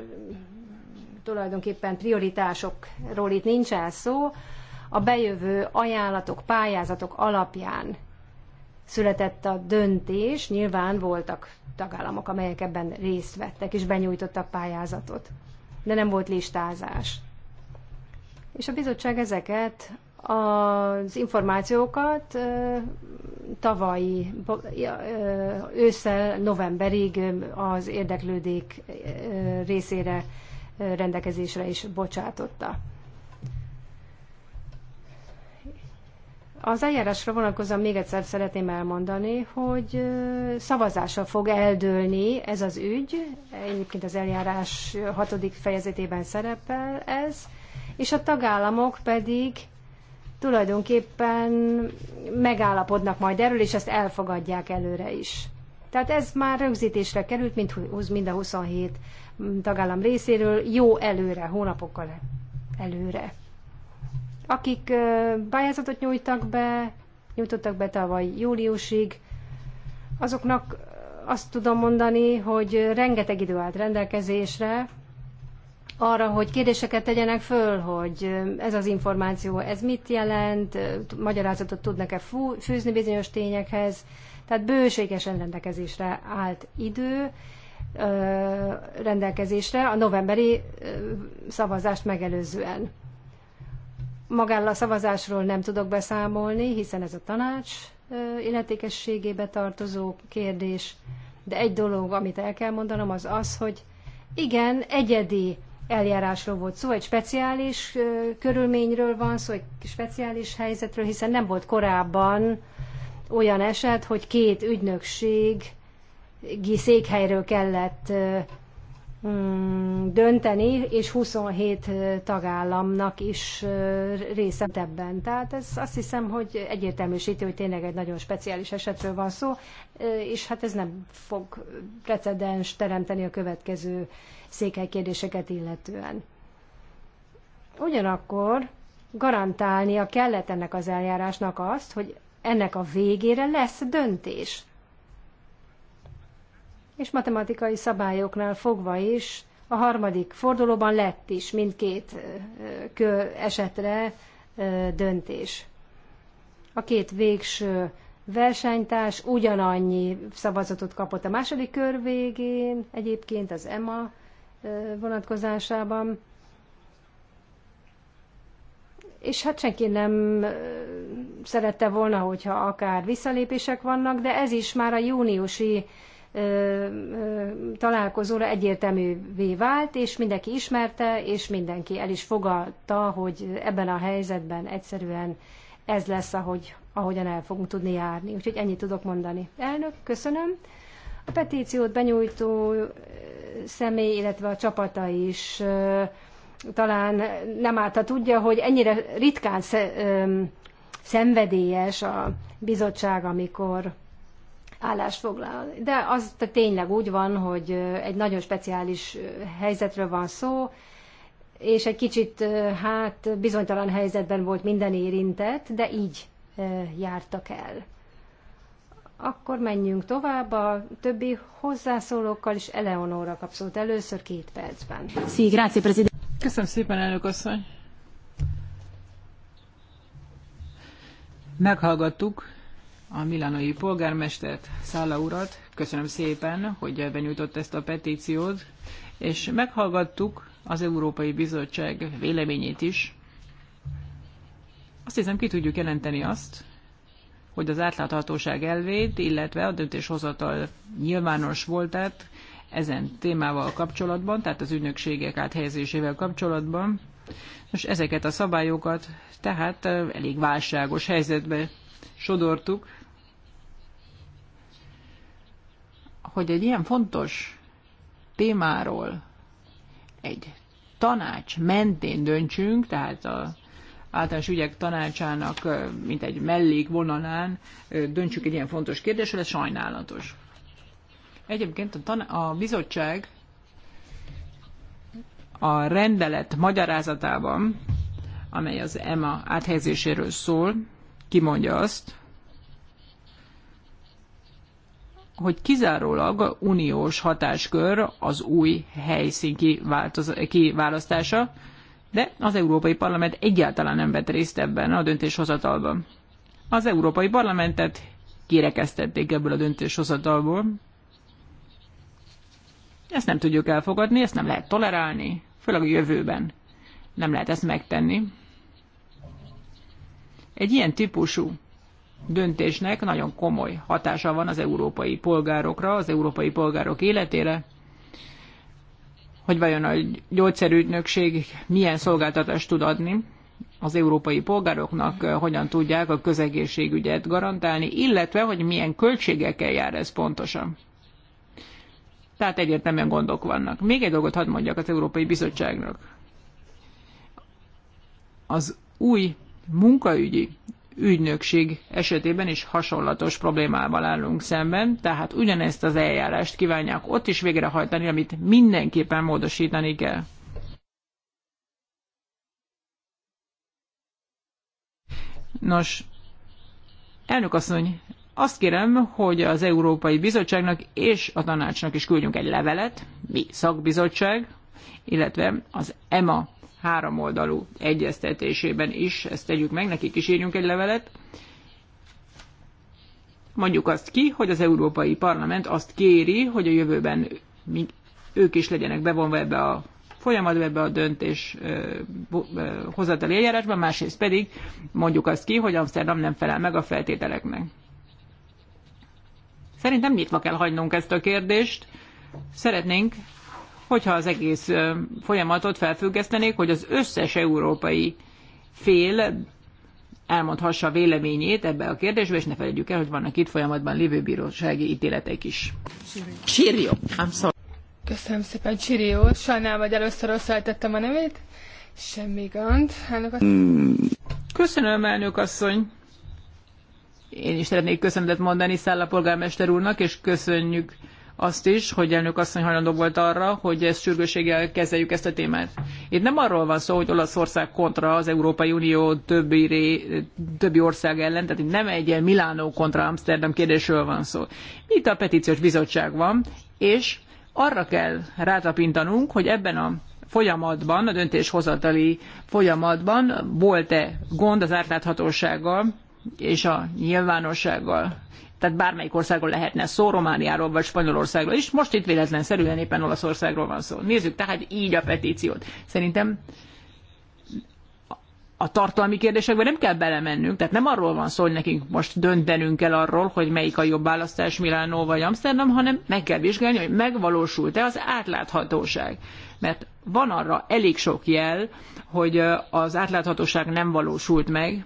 tulajdonképpen prioritásokról itt nincs el szó, a bejövő ajánlatok, pályázatok alapján született a döntés, nyilván voltak tagállamok, amelyek ebben részt vettek és benyújtottak pályázatot, de nem volt listázás és a bizottság ezeket az információkat tavalyi ősszel, novemberig az érdeklődék részére rendelkezésre is bocsátotta. Az eljárásra vonatkozóan még egyszer szeretném elmondani, hogy szavazása fog eldőlni ez az ügy. Egyébként az eljárás hatodik fejezetében szerepel ez és a tagállamok pedig tulajdonképpen megállapodnak majd erről, és ezt elfogadják előre is. Tehát ez már rögzítésre került, mint mind a 27 tagállam részéről, jó előre, hónapokkal előre. Akik pályázatot nyújtak be, nyújtottak be tavaly júliusig, azoknak azt tudom mondani, hogy rengeteg idő állt rendelkezésre, arra, hogy kérdéseket tegyenek föl, hogy ez az információ, ez mit jelent, magyarázatot tudnak-e fűzni bizonyos tényekhez. Tehát bőségesen rendelkezésre állt idő rendelkezésre a novemberi szavazást megelőzően. Magáról a szavazásról nem tudok beszámolni, hiszen ez a tanács illetékességébe tartozó kérdés, de egy dolog, amit el kell mondanom, az az, hogy igen, egyedi eljárásról volt szó, egy speciális körülményről van szó, egy speciális helyzetről, hiszen nem volt korábban olyan eset, hogy két ügynökség székhelyről kellett mm, dönteni, és 27 tagállamnak is része ebben. Tehát ez azt hiszem, hogy egyértelműsíti, hogy tényleg egy nagyon speciális esetről van szó, és hát ez nem fog precedens teremteni a következő székely kérdéseket illetően. Ugyanakkor garantálnia kellett ennek az eljárásnak azt, hogy ennek a végére lesz döntés. És matematikai szabályoknál fogva is a harmadik fordulóban lett is mindkét kő esetre döntés. A két végső versenytárs ugyanannyi szavazatot kapott a második kör végén, egyébként az EMA vonatkozásában. És hát senki nem szerette volna, hogyha akár visszalépések vannak, de ez is már a júniusi találkozóra egyértelművé vált, és mindenki ismerte, és mindenki el is fogadta, hogy ebben a helyzetben egyszerűen ez lesz, ahogy, ahogyan el fogunk tudni járni. Úgyhogy ennyit tudok mondani. Elnök, köszönöm. A petíciót benyújtó személy, illetve a csapata is talán nem állta tudja, hogy ennyire ritkán szenvedélyes a bizottság, amikor állást foglal. De az tényleg úgy van, hogy egy nagyon speciális helyzetről van szó, és egy kicsit hát bizonytalan helyzetben volt minden érintett, de így jártak el. Akkor menjünk tovább a többi hozzászólókkal, és Eleonóra kapszolt először két percben. Sí, grazie, president. Köszönöm szépen, elnök asszony. Meghallgattuk a milánoi polgármestert, Szála urat. Köszönöm szépen, hogy benyújtott ezt a petíciót, és meghallgattuk az Európai Bizottság véleményét is. Azt hiszem, ki tudjuk jelenteni azt, hogy az átláthatóság elvét, illetve a döntéshozatal nyilvános voltát ezen témával kapcsolatban, tehát az ügynökségek áthelyezésével kapcsolatban. és ezeket a szabályokat tehát elég válságos helyzetbe sodortuk, hogy egy ilyen fontos témáról egy tanács mentén döntsünk, tehát a általános ügyek tanácsának, mint egy mellék vonalán döntsük egy ilyen fontos kérdésre, ez sajnálatos. Egyébként a, tan- a bizottság a rendelet magyarázatában, amely az EMA áthelyezéséről szól, kimondja azt, hogy kizárólag uniós hatáskör az új helyszín kiválasztása, de az Európai Parlament egyáltalán nem vett részt ebben a döntéshozatalban. Az Európai Parlamentet kirekesztették ebből a döntéshozatalból. Ezt nem tudjuk elfogadni, ezt nem lehet tolerálni, főleg a jövőben. Nem lehet ezt megtenni. Egy ilyen típusú döntésnek nagyon komoly hatása van az európai polgárokra, az európai polgárok életére, hogy vajon a gyógyszerügynökség milyen szolgáltatást tud adni az európai polgároknak, hogyan tudják a közegészségügyet garantálni, illetve hogy milyen költségekkel jár ez pontosan. Tehát egyértelműen gondok vannak. Még egy dolgot hadd mondjak az Európai Bizottságnak. Az új munkaügyi ügynökség esetében is hasonlatos problémával állunk szemben, tehát ugyanezt az eljárást kívánják ott is végrehajtani, amit mindenképpen módosítani kell. Nos, elnök asszony, azt kérem, hogy az Európai Bizottságnak és a tanácsnak is küldjünk egy levelet, mi szakbizottság, illetve az EMA három oldalú egyeztetésében is. Ezt tegyük meg, nekik is írjunk egy levelet. Mondjuk azt ki, hogy az Európai Parlament azt kéri, hogy a jövőben ők is legyenek bevonva ebbe a folyamatba, ebbe a döntés hozatali eljárásba, másrészt pedig mondjuk azt ki, hogy Amsterdam nem felel meg a feltételeknek. Szerintem nyitva kell hagynunk ezt a kérdést. Szeretnénk hogyha az egész folyamatot felfüggesztenék, hogy az összes európai fél elmondhassa véleményét ebbe a kérdésbe, és ne felejtjük el, hogy vannak itt folyamatban lévő bírósági ítéletek is. Csirió. Köszönöm szépen, Csirió. Sajnálom, hogy először rosszul a nevét. Semmi gond. Elnök asszony. Köszönöm, elnök asszony. Én is szeretnék köszönetet mondani Szállapolgármester úrnak, és köszönjük azt is, hogy elnök asszony hajlandó volt arra, hogy ezt sürgőséggel kezeljük ezt a témát. Itt nem arról van szó, hogy Olaszország kontra az Európai Unió többi, ré, többi ország ellen, tehát itt nem egy ilyen Milánó kontra Amsterdam kérdésről van szó. Itt a petíciós bizottság van, és arra kell rátapintanunk, hogy ebben a folyamatban, a döntéshozatali folyamatban volt-e gond az átláthatósággal és a nyilvánossággal tehát bármelyik országról lehetne szó, Romániáról vagy Spanyolországról is, most itt véletlenszerűen éppen Olaszországról van szó. Nézzük tehát így a petíciót. Szerintem a tartalmi kérdésekbe nem kell belemennünk, tehát nem arról van szó, hogy nekünk most döntenünk kell arról, hogy melyik a jobb választás Milánó vagy Amsterdam, hanem meg kell vizsgálni, hogy megvalósult-e az átláthatóság. Mert van arra elég sok jel, hogy az átláthatóság nem valósult meg.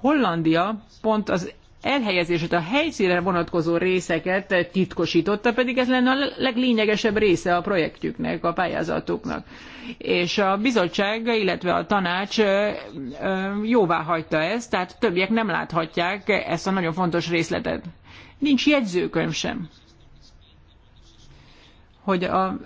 Hollandia pont az elhelyezését, a helyszínre vonatkozó részeket titkosította, pedig ez lenne a leglényegesebb része a projektjüknek, a pályázatuknak. És a bizottság, illetve a tanács jóvá hagyta ezt, tehát többiek nem láthatják ezt a nagyon fontos részletet. Nincs jegyzőkönyv sem hogy a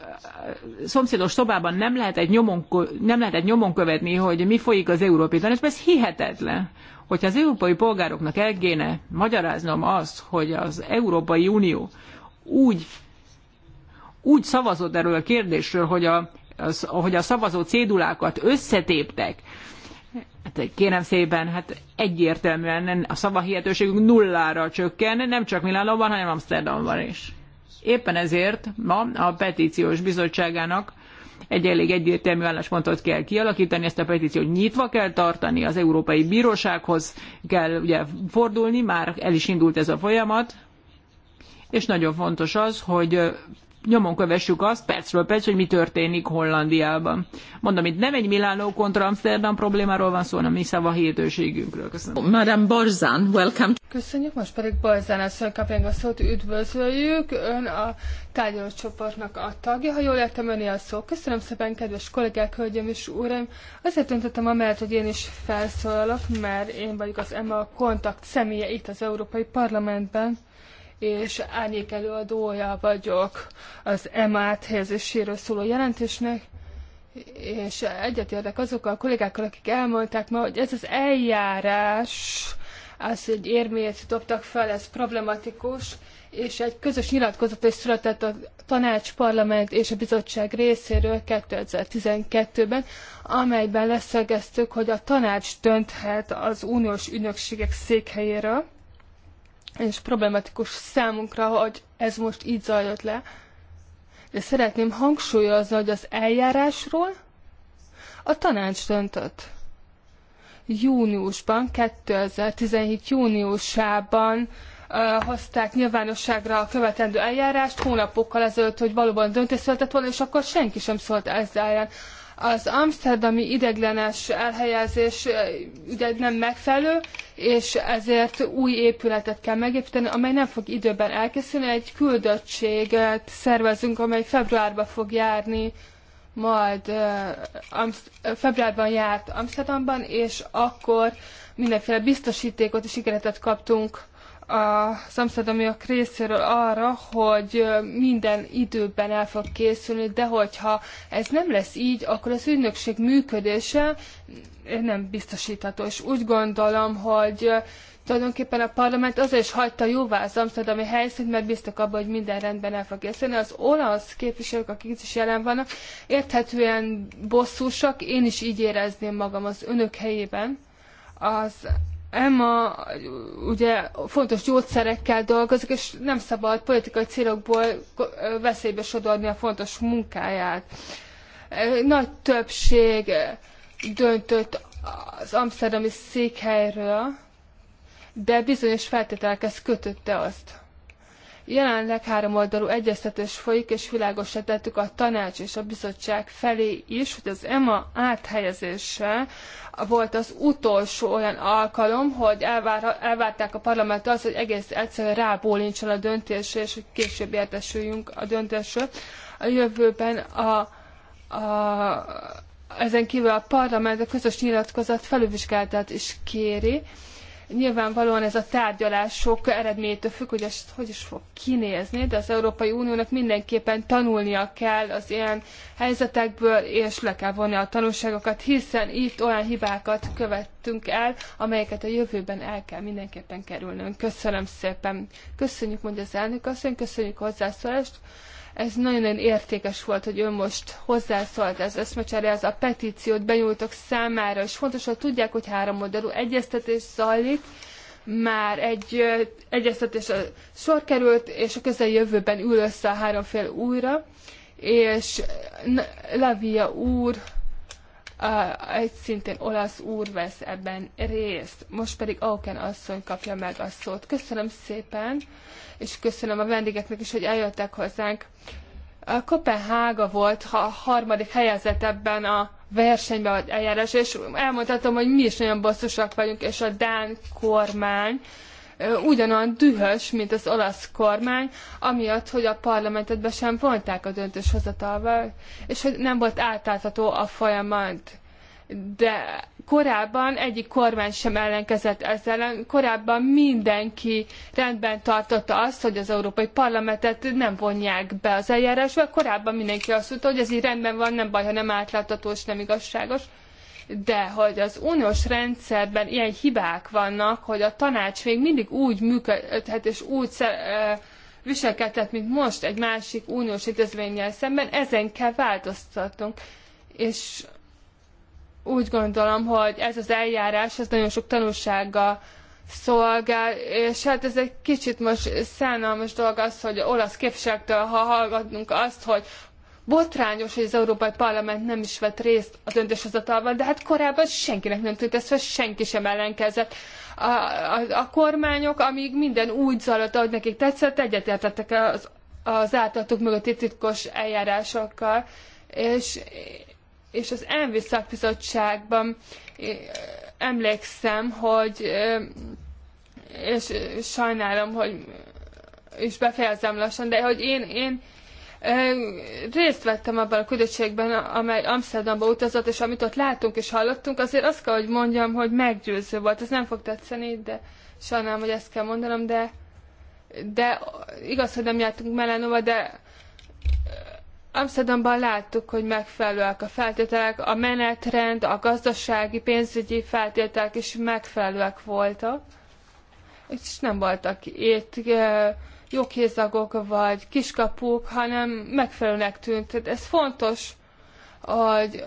szomszédos szobában nem lehetett nyomon, nem lehetett nyomon követni, hogy mi folyik az Európai Tanácsban, ez hihetetlen. Hogyha az európai polgároknak el kéne magyaráznom azt, hogy az Európai Unió úgy, úgy szavazott erről a kérdésről, hogy a, az, hogy a szavazó cédulákat összetéptek, Hát kérem szépen, hát egyértelműen a szavahihetőségünk nullára csökken, nem csak Milánóban, hanem Amsterdamban is. Éppen ezért ma a petíciós bizottságának egy elég egyértelmű álláspontot kell kialakítani, ezt a petíciót nyitva kell tartani, az Európai Bírósághoz kell ugye fordulni, már el is indult ez a folyamat, és nagyon fontos az, hogy nyomon kövessük azt percről perc, hogy mi történik Hollandiában. Mondom, itt nem egy Milánó kontra Amsterdam problémáról van szó, hanem mi szava hétőségünkről. Köszönöm. Madame Borzan, welcome. Köszönjük, most pedig Borzán asszony kapjánk a szót, üdvözöljük. Ön a csoportnak a tagja, ha jól értem öné a szó. Köszönöm szépen, kedves kollégák, hölgyem és uraim. Azért döntöttem amellett, hogy én is felszólalok, mert én vagyok az EMA kontakt személye itt az Európai Parlamentben és árnyék előadója vagyok az emát helyezéséről szóló jelentésnek, és egyetértek azokkal a kollégákkal, akik elmondták ma, hogy ez az eljárás, az, hogy érmét dobtak fel, ez problematikus, és egy közös nyilatkozat is született a tanács, parlament és a bizottság részéről 2012-ben, amelyben leszögeztük, hogy a tanács dönthet az uniós ügynökségek székhelyéről, és problematikus számunkra, hogy ez most így zajlott le. De szeretném hangsúlyozni, hogy az eljárásról a tanács döntött. Júniusban, 2017 júniusában hozták nyilvánosságra a követendő eljárást hónapokkal ezelőtt, hogy valóban döntés született volna, és akkor senki sem szólt ezzel ellen. Az amsterdami ideglenes elhelyezés ugye nem megfelelő, és ezért új épületet kell megépíteni, amely nem fog időben elkészülni. Egy küldöttséget szervezünk, amely februárban fog járni majd februárban járt Amsterdamban, és akkor mindenféle biztosítékot és ígéretet kaptunk a szomszédomjak részéről arra, hogy minden időben el fog készülni, de hogyha ez nem lesz így, akkor az ügynökség működése nem biztosítható. És úgy gondolom, hogy tulajdonképpen a parlament azért is hagyta jóvá az amsterdami helyszínt, mert biztos abban, hogy minden rendben el fog készülni. Az olasz képviselők, akik is jelen vannak, érthetően bosszúsak, én is így érezném magam az önök helyében. Az EMA ugye fontos gyógyszerekkel dolgozik, és nem szabad politikai célokból veszélybe sodorni a fontos munkáját. Nagy többség döntött az amsterdami székhelyről, de bizonyos feltételekhez kötötte azt. Jelenleg háromoldalú egyeztetés folyik, és világosra tettük a tanács és a bizottság felé is, hogy az EMA áthelyezése volt az utolsó olyan alkalom, hogy elvár, elvárták a parlamenttől azt, hogy egész egyszerűen rábólincson a döntésre, és hogy később értesüljünk a döntésről. A jövőben a, a ezen kívül a parlament a közös nyilatkozat felülvizsgálatát is kéri, Nyilvánvalóan ez a tárgyalások eredményétől függ, hogy ezt hogy is fog kinézni, de az Európai Uniónak mindenképpen tanulnia kell az ilyen helyzetekből, és le kell vonni a tanulságokat, hiszen itt olyan hibákat követtünk el, amelyeket a jövőben el kell mindenképpen kerülnünk. Köszönöm szépen. Köszönjük, mondja az elnök asszony, köszönjük a hozzászólást ez nagyon-nagyon értékes volt, hogy ő most hozzászólt ez összmecsere, ez a petíciót benyújtok számára, és fontos, hogy tudják, hogy három oldalú egyeztetés zajlik, már egy egyeztetés sor került, és a közeljövőben ül össze a három fél újra, és Lavia úr egy szintén olasz úr vesz ebben részt. Most pedig Auken asszony kapja meg a szót. Köszönöm szépen, és köszönöm a vendégeknek is, hogy eljöttek hozzánk. A Kopenhága volt a harmadik helyezett ebben a versenyben vagy eljárás, és elmondhatom, hogy mi is nagyon bosszusak vagyunk, és a Dán kormány ugyanolyan dühös, mint az olasz kormány, amiatt, hogy a parlamentet be sem vonták a döntéshozatalval, és hogy nem volt átlátható a folyamat. De korábban egyik kormány sem ellenkezett ezzel ellen, korábban mindenki rendben tartotta azt, hogy az Európai Parlamentet nem vonják be az eljárásba, korábban mindenki azt mondta, hogy ez így rendben van, nem baj, ha nem átlátható és nem igazságos de hogy az uniós rendszerben ilyen hibák vannak, hogy a tanács még mindig úgy működhet és úgy viselkedhet, mint most egy másik uniós intézménnyel szemben, ezen kell változtatnunk. És úgy gondolom, hogy ez az eljárás, ez nagyon sok tanulsággal szolgál, és hát ez egy kicsit most szánalmas dolog az, hogy olasz képviselőktől ha hallgatnunk azt, hogy botrányos, hogy az Európai Parlament nem is vett részt a döntéshozatalban, de hát korábban senkinek nem tűnt ezt, senki sem ellenkezett. A, a, a kormányok, amíg minden úgy zajlott, ahogy nekik tetszett, egyetértettek az, az általatok mögötti titkos eljárásokkal, és, és az ENVI szakbizottságban emlékszem, hogy és sajnálom, hogy és befejezem lassan, de hogy én, én részt vettem abban a küldöttségben, amely Amsterdamba utazott, és amit ott láttunk és hallottunk, azért azt kell, hogy mondjam, hogy meggyőző volt. Ez nem fog tetszeni, de sajnálom, hogy ezt kell mondanom, de, de igaz, hogy nem jártunk Melanova, de Amsterdamban láttuk, hogy megfelelőek a feltételek, a menetrend, a gazdasági, pénzügyi feltételek is megfelelőek voltak, és nem voltak itt jókézagok vagy kiskapuk, hanem megfelelőnek tűnt. Tehát ez fontos, hogy,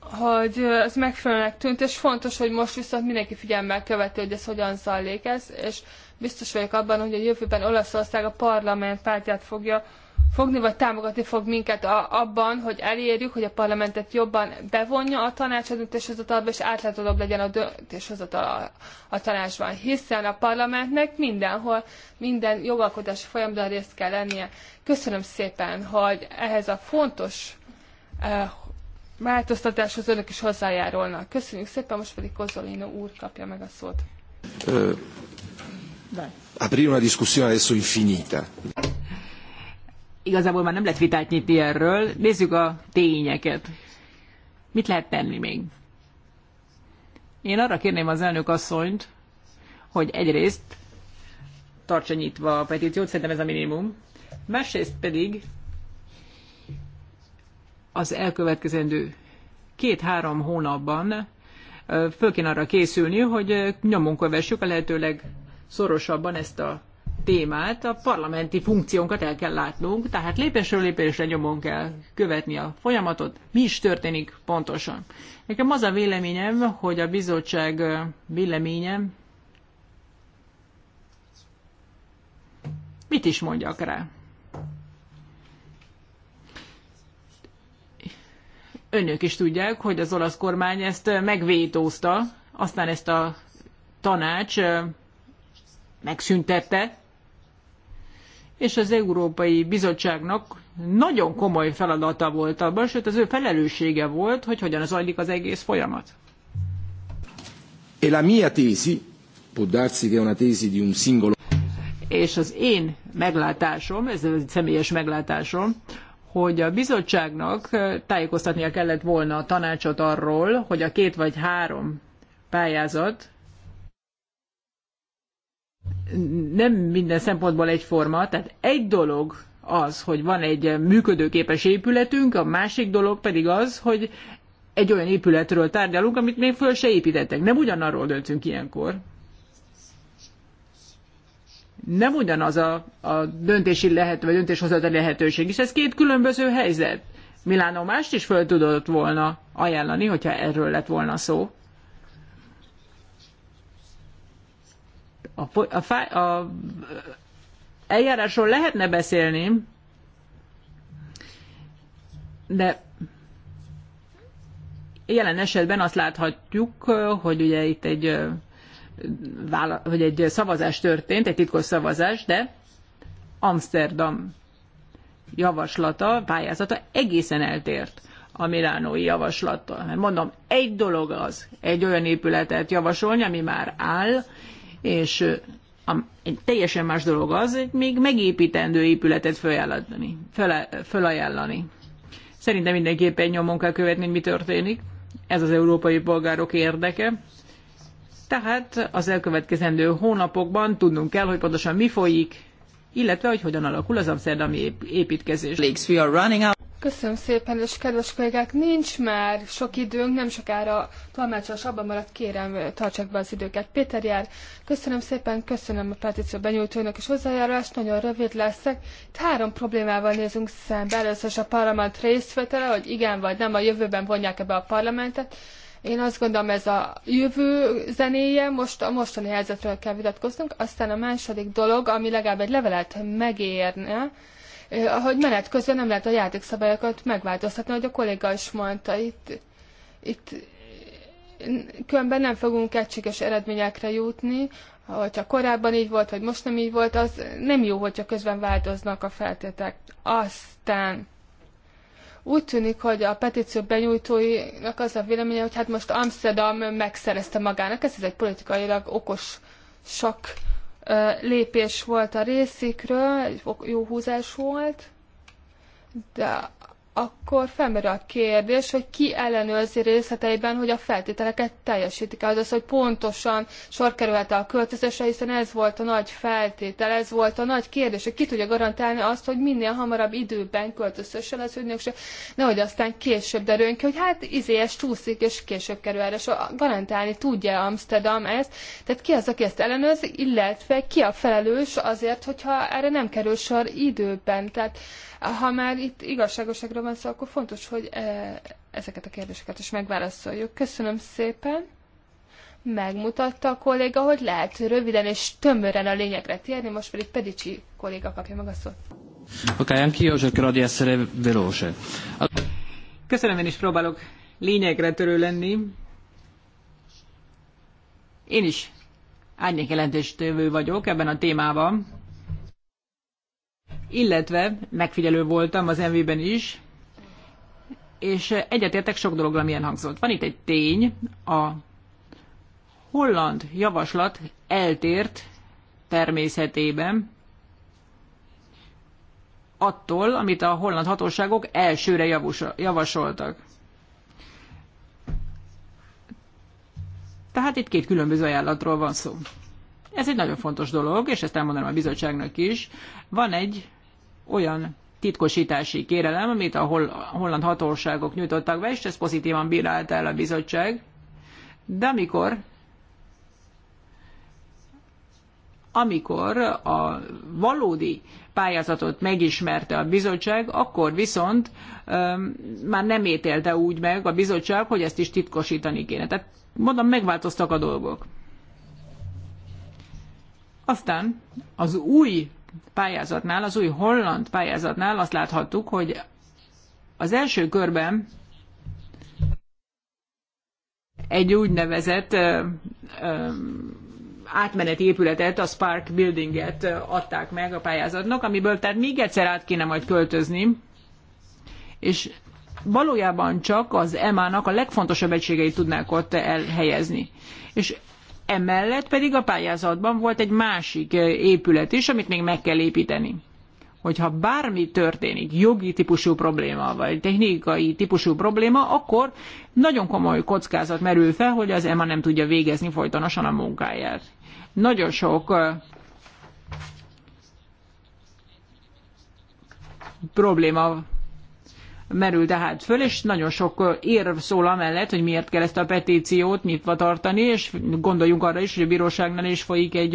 hogy ez megfelelőnek tűnt, és fontos, hogy most viszont mindenki figyelmel követi, hogy ez hogyan zajlik ez, és biztos vagyok abban, hogy a jövőben Olaszország a parlament pártját fogja fogni, vagy támogatni fog minket a, abban, hogy elérjük, hogy a parlamentet jobban bevonja a tanács a döntéshozatalba, és átláthatóbb legyen a döntéshozatal a, a tanácsban, hiszen a parlamentnek mindenhol, minden jogalkotási folyamatban részt kell lennie. Köszönöm szépen, hogy ehhez a fontos eh, változtatáshoz önök is hozzájárulnak. Köszönjük szépen, most pedig Kozolino úr kapja meg a szót. Ö, eh, aprire una discussione adesso infinita. Igazából már nem lehet vitát nyitni erről. Nézzük a tényeket. Mit lehet tenni még? Én arra kérném az elnök asszonyt, hogy egyrészt tartsa nyitva a petíciót, szerintem ez a minimum. Másrészt pedig az elkövetkezendő két-három hónapban föl kéne arra készülni, hogy nyomon kövessük a lehetőleg szorosabban ezt a témát, a parlamenti funkciónkat el kell látnunk, tehát lépésről lépésre nyomon kell követni a folyamatot, mi is történik pontosan. Nekem az a véleményem, hogy a bizottság véleményem mit is mondjak rá. Önök is tudják, hogy az olasz kormány ezt megvétózta, aztán ezt a tanács megszüntette, és az Európai Bizottságnak nagyon komoly feladata volt abban, sőt az ő felelőssége volt, hogy hogyan zajlik az egész folyamat. E la mia tesi, può darsi che una tesi di un singolo... És az én meglátásom, ez egy személyes meglátásom, hogy a bizottságnak eh, tájékoztatnia kellett volna a tanácsot arról, hogy a két vagy három pályázat nem minden szempontból egyforma, tehát egy dolog az, hogy van egy működőképes épületünk, a másik dolog pedig az, hogy egy olyan épületről tárgyalunk, amit még föl se építettek. Nem ugyanarról döntünk ilyenkor. Nem ugyanaz a, a döntési lehet, vagy döntéshozatali lehetőség, és ez két különböző helyzet. Milánó mást is föl tudott volna ajánlani, hogyha erről lett volna szó. a, a, a eljárásról lehetne beszélni, de jelen esetben azt láthatjuk, hogy ugye itt egy, hogy egy szavazás történt, egy titkos szavazás, de Amsterdam javaslata, pályázata egészen eltért a milánói javaslattal. Hát mondom, egy dolog az egy olyan épületet javasolni, ami már áll, és a, egy teljesen más dolog az, hogy még megépítendő épületet felajánlani. felajánlani. Szerintem mindenképpen nyomon kell követni, hogy mi történik. Ez az európai polgárok érdeke. Tehát az elkövetkezendő hónapokban tudnunk kell, hogy pontosan mi folyik, illetve hogy hogyan alakul az amszerdami építkezés. Köszönöm szépen, és kedves kollégák, nincs már sok időnk, nem sokára tolmácsos abban maradt, kérem, tartsák be az időket. Péter jár, köszönöm szépen, köszönöm a petíció benyújtóinak és hozzájárulást, nagyon rövid leszek. Itt hát három problémával nézünk szembe, először is a parlament részvétele, hogy igen vagy nem, a jövőben vonják ebbe a parlamentet. Én azt gondolom, ez a jövő zenéje, most a mostani helyzetről kell vitatkoznunk. Aztán a második dolog, ami legalább egy levelet megérne, hogy menet közben nem lehet a játékszabályokat megváltoztatni, hogy a kolléga is mondta, itt, itt különben nem fogunk egységes eredményekre jutni, hogyha korábban így volt, vagy most nem így volt, az nem jó, hogyha közben változnak a feltétek. Aztán úgy tűnik, hogy a petíció benyújtóinak az a véleménye, hogy hát most Amsterdam megszerezte magának, ez, ez egy politikailag okos sok lépés volt a részükről, jó húzás volt, de akkor felmerül a kérdés, hogy ki ellenőrzi részleteiben, hogy a feltételeket teljesítik Az az, hogy pontosan sor kerülhet a költözésre, hiszen ez volt a nagy feltétel, ez volt a nagy kérdés, hogy ki tudja garantálni azt, hogy minél hamarabb időben költözhessen az ügynökség, nehogy aztán később derüljön ki, hogy hát izélyes csúszik, és később kerül erre. Szóval garantálni tudja Amsterdam ezt. Tehát ki az, aki ezt ellenőrzi, illetve ki a felelős azért, hogyha erre nem kerül sor időben. Tehát ha már itt igazságoságról van szó, akkor fontos, hogy e, ezeket a kérdéseket is megválaszoljuk. Köszönöm szépen! Megmutatta a kolléga, hogy lehet röviden és tömören a lényegre térni, most pedig Pedicsi kolléga kapja meg a szót. Köszönöm, én is próbálok lényegre törő lenni. Én is árnyék jelentős tövő vagyok ebben a témában illetve megfigyelő voltam az MV-ben is, és egyetértek sok dologra, milyen hangzott. Van itt egy tény, a holland javaslat eltért természetében attól, amit a holland hatóságok elsőre javasoltak. Tehát itt két különböző ajánlatról van szó. Ez egy nagyon fontos dolog, és ezt elmondanám a bizottságnak is. Van egy olyan titkosítási kérelem, amit a holland hatóságok nyújtottak be, és ezt pozitívan bírálta el a bizottság. De amikor amikor a valódi pályázatot megismerte a bizottság, akkor viszont öm, már nem ítélte úgy meg a bizottság, hogy ezt is titkosítani kéne. Tehát mondom, megváltoztak a dolgok. Aztán az új pályázatnál, az új holland pályázatnál azt láthattuk, hogy az első körben egy úgynevezett ö, ö, átmeneti épületet, a Spark Buildinget adták meg a pályázatnak, amiből tehát még egyszer át kéne majd költözni, és valójában csak az EMA-nak a legfontosabb egységeit tudnák ott elhelyezni. És emellett pedig a pályázatban volt egy másik épület is, amit még meg kell építeni. Hogyha bármi történik, jogi típusú probléma, vagy technikai típusú probléma, akkor nagyon komoly kockázat merül fel, hogy az EMA nem tudja végezni folytonosan a munkáját. Nagyon sok probléma merül tehát föl, és nagyon sok érv szól amellett, hogy miért kell ezt a petíciót nyitva tartani, és gondoljunk arra is, hogy a bíróságnál is folyik egy,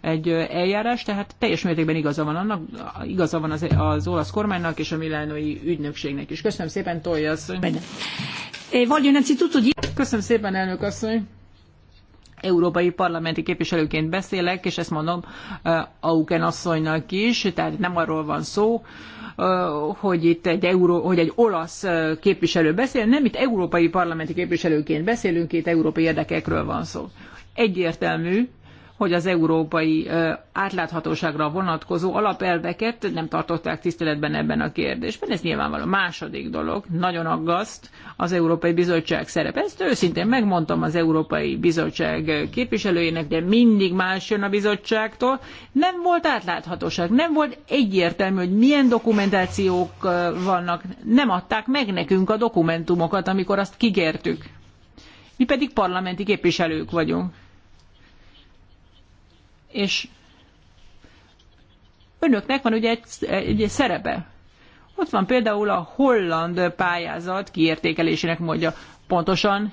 egy eljárás, tehát teljes mértékben igaza van, annak, igaza van az, az olasz kormánynak és a milánói ügynökségnek is. Köszönöm szépen, Tolja asszony. Köszönöm szépen, elnök asszony európai parlamenti képviselőként beszélek, és ezt mondom Auken asszonynak is, tehát nem arról van szó, hogy itt egy, euró, hogy egy olasz képviselő beszél, nem itt európai parlamenti képviselőként beszélünk, itt európai érdekekről van szó. Egyértelmű, hogy az európai átláthatóságra vonatkozó alapelveket nem tartották tiszteletben ebben a kérdésben. Ez nyilvánvaló. Második dolog, nagyon aggaszt az Európai Bizottság szerepe. Ezt őszintén megmondtam az Európai Bizottság képviselőjének, de mindig más jön a bizottságtól. Nem volt átláthatóság, nem volt egyértelmű, hogy milyen dokumentációk vannak. Nem adták meg nekünk a dokumentumokat, amikor azt kigértük. Mi pedig parlamenti képviselők vagyunk. És önöknek van ugye egy, egy szerepe. Ott van például a holland pályázat kiértékelésének módja. Pontosan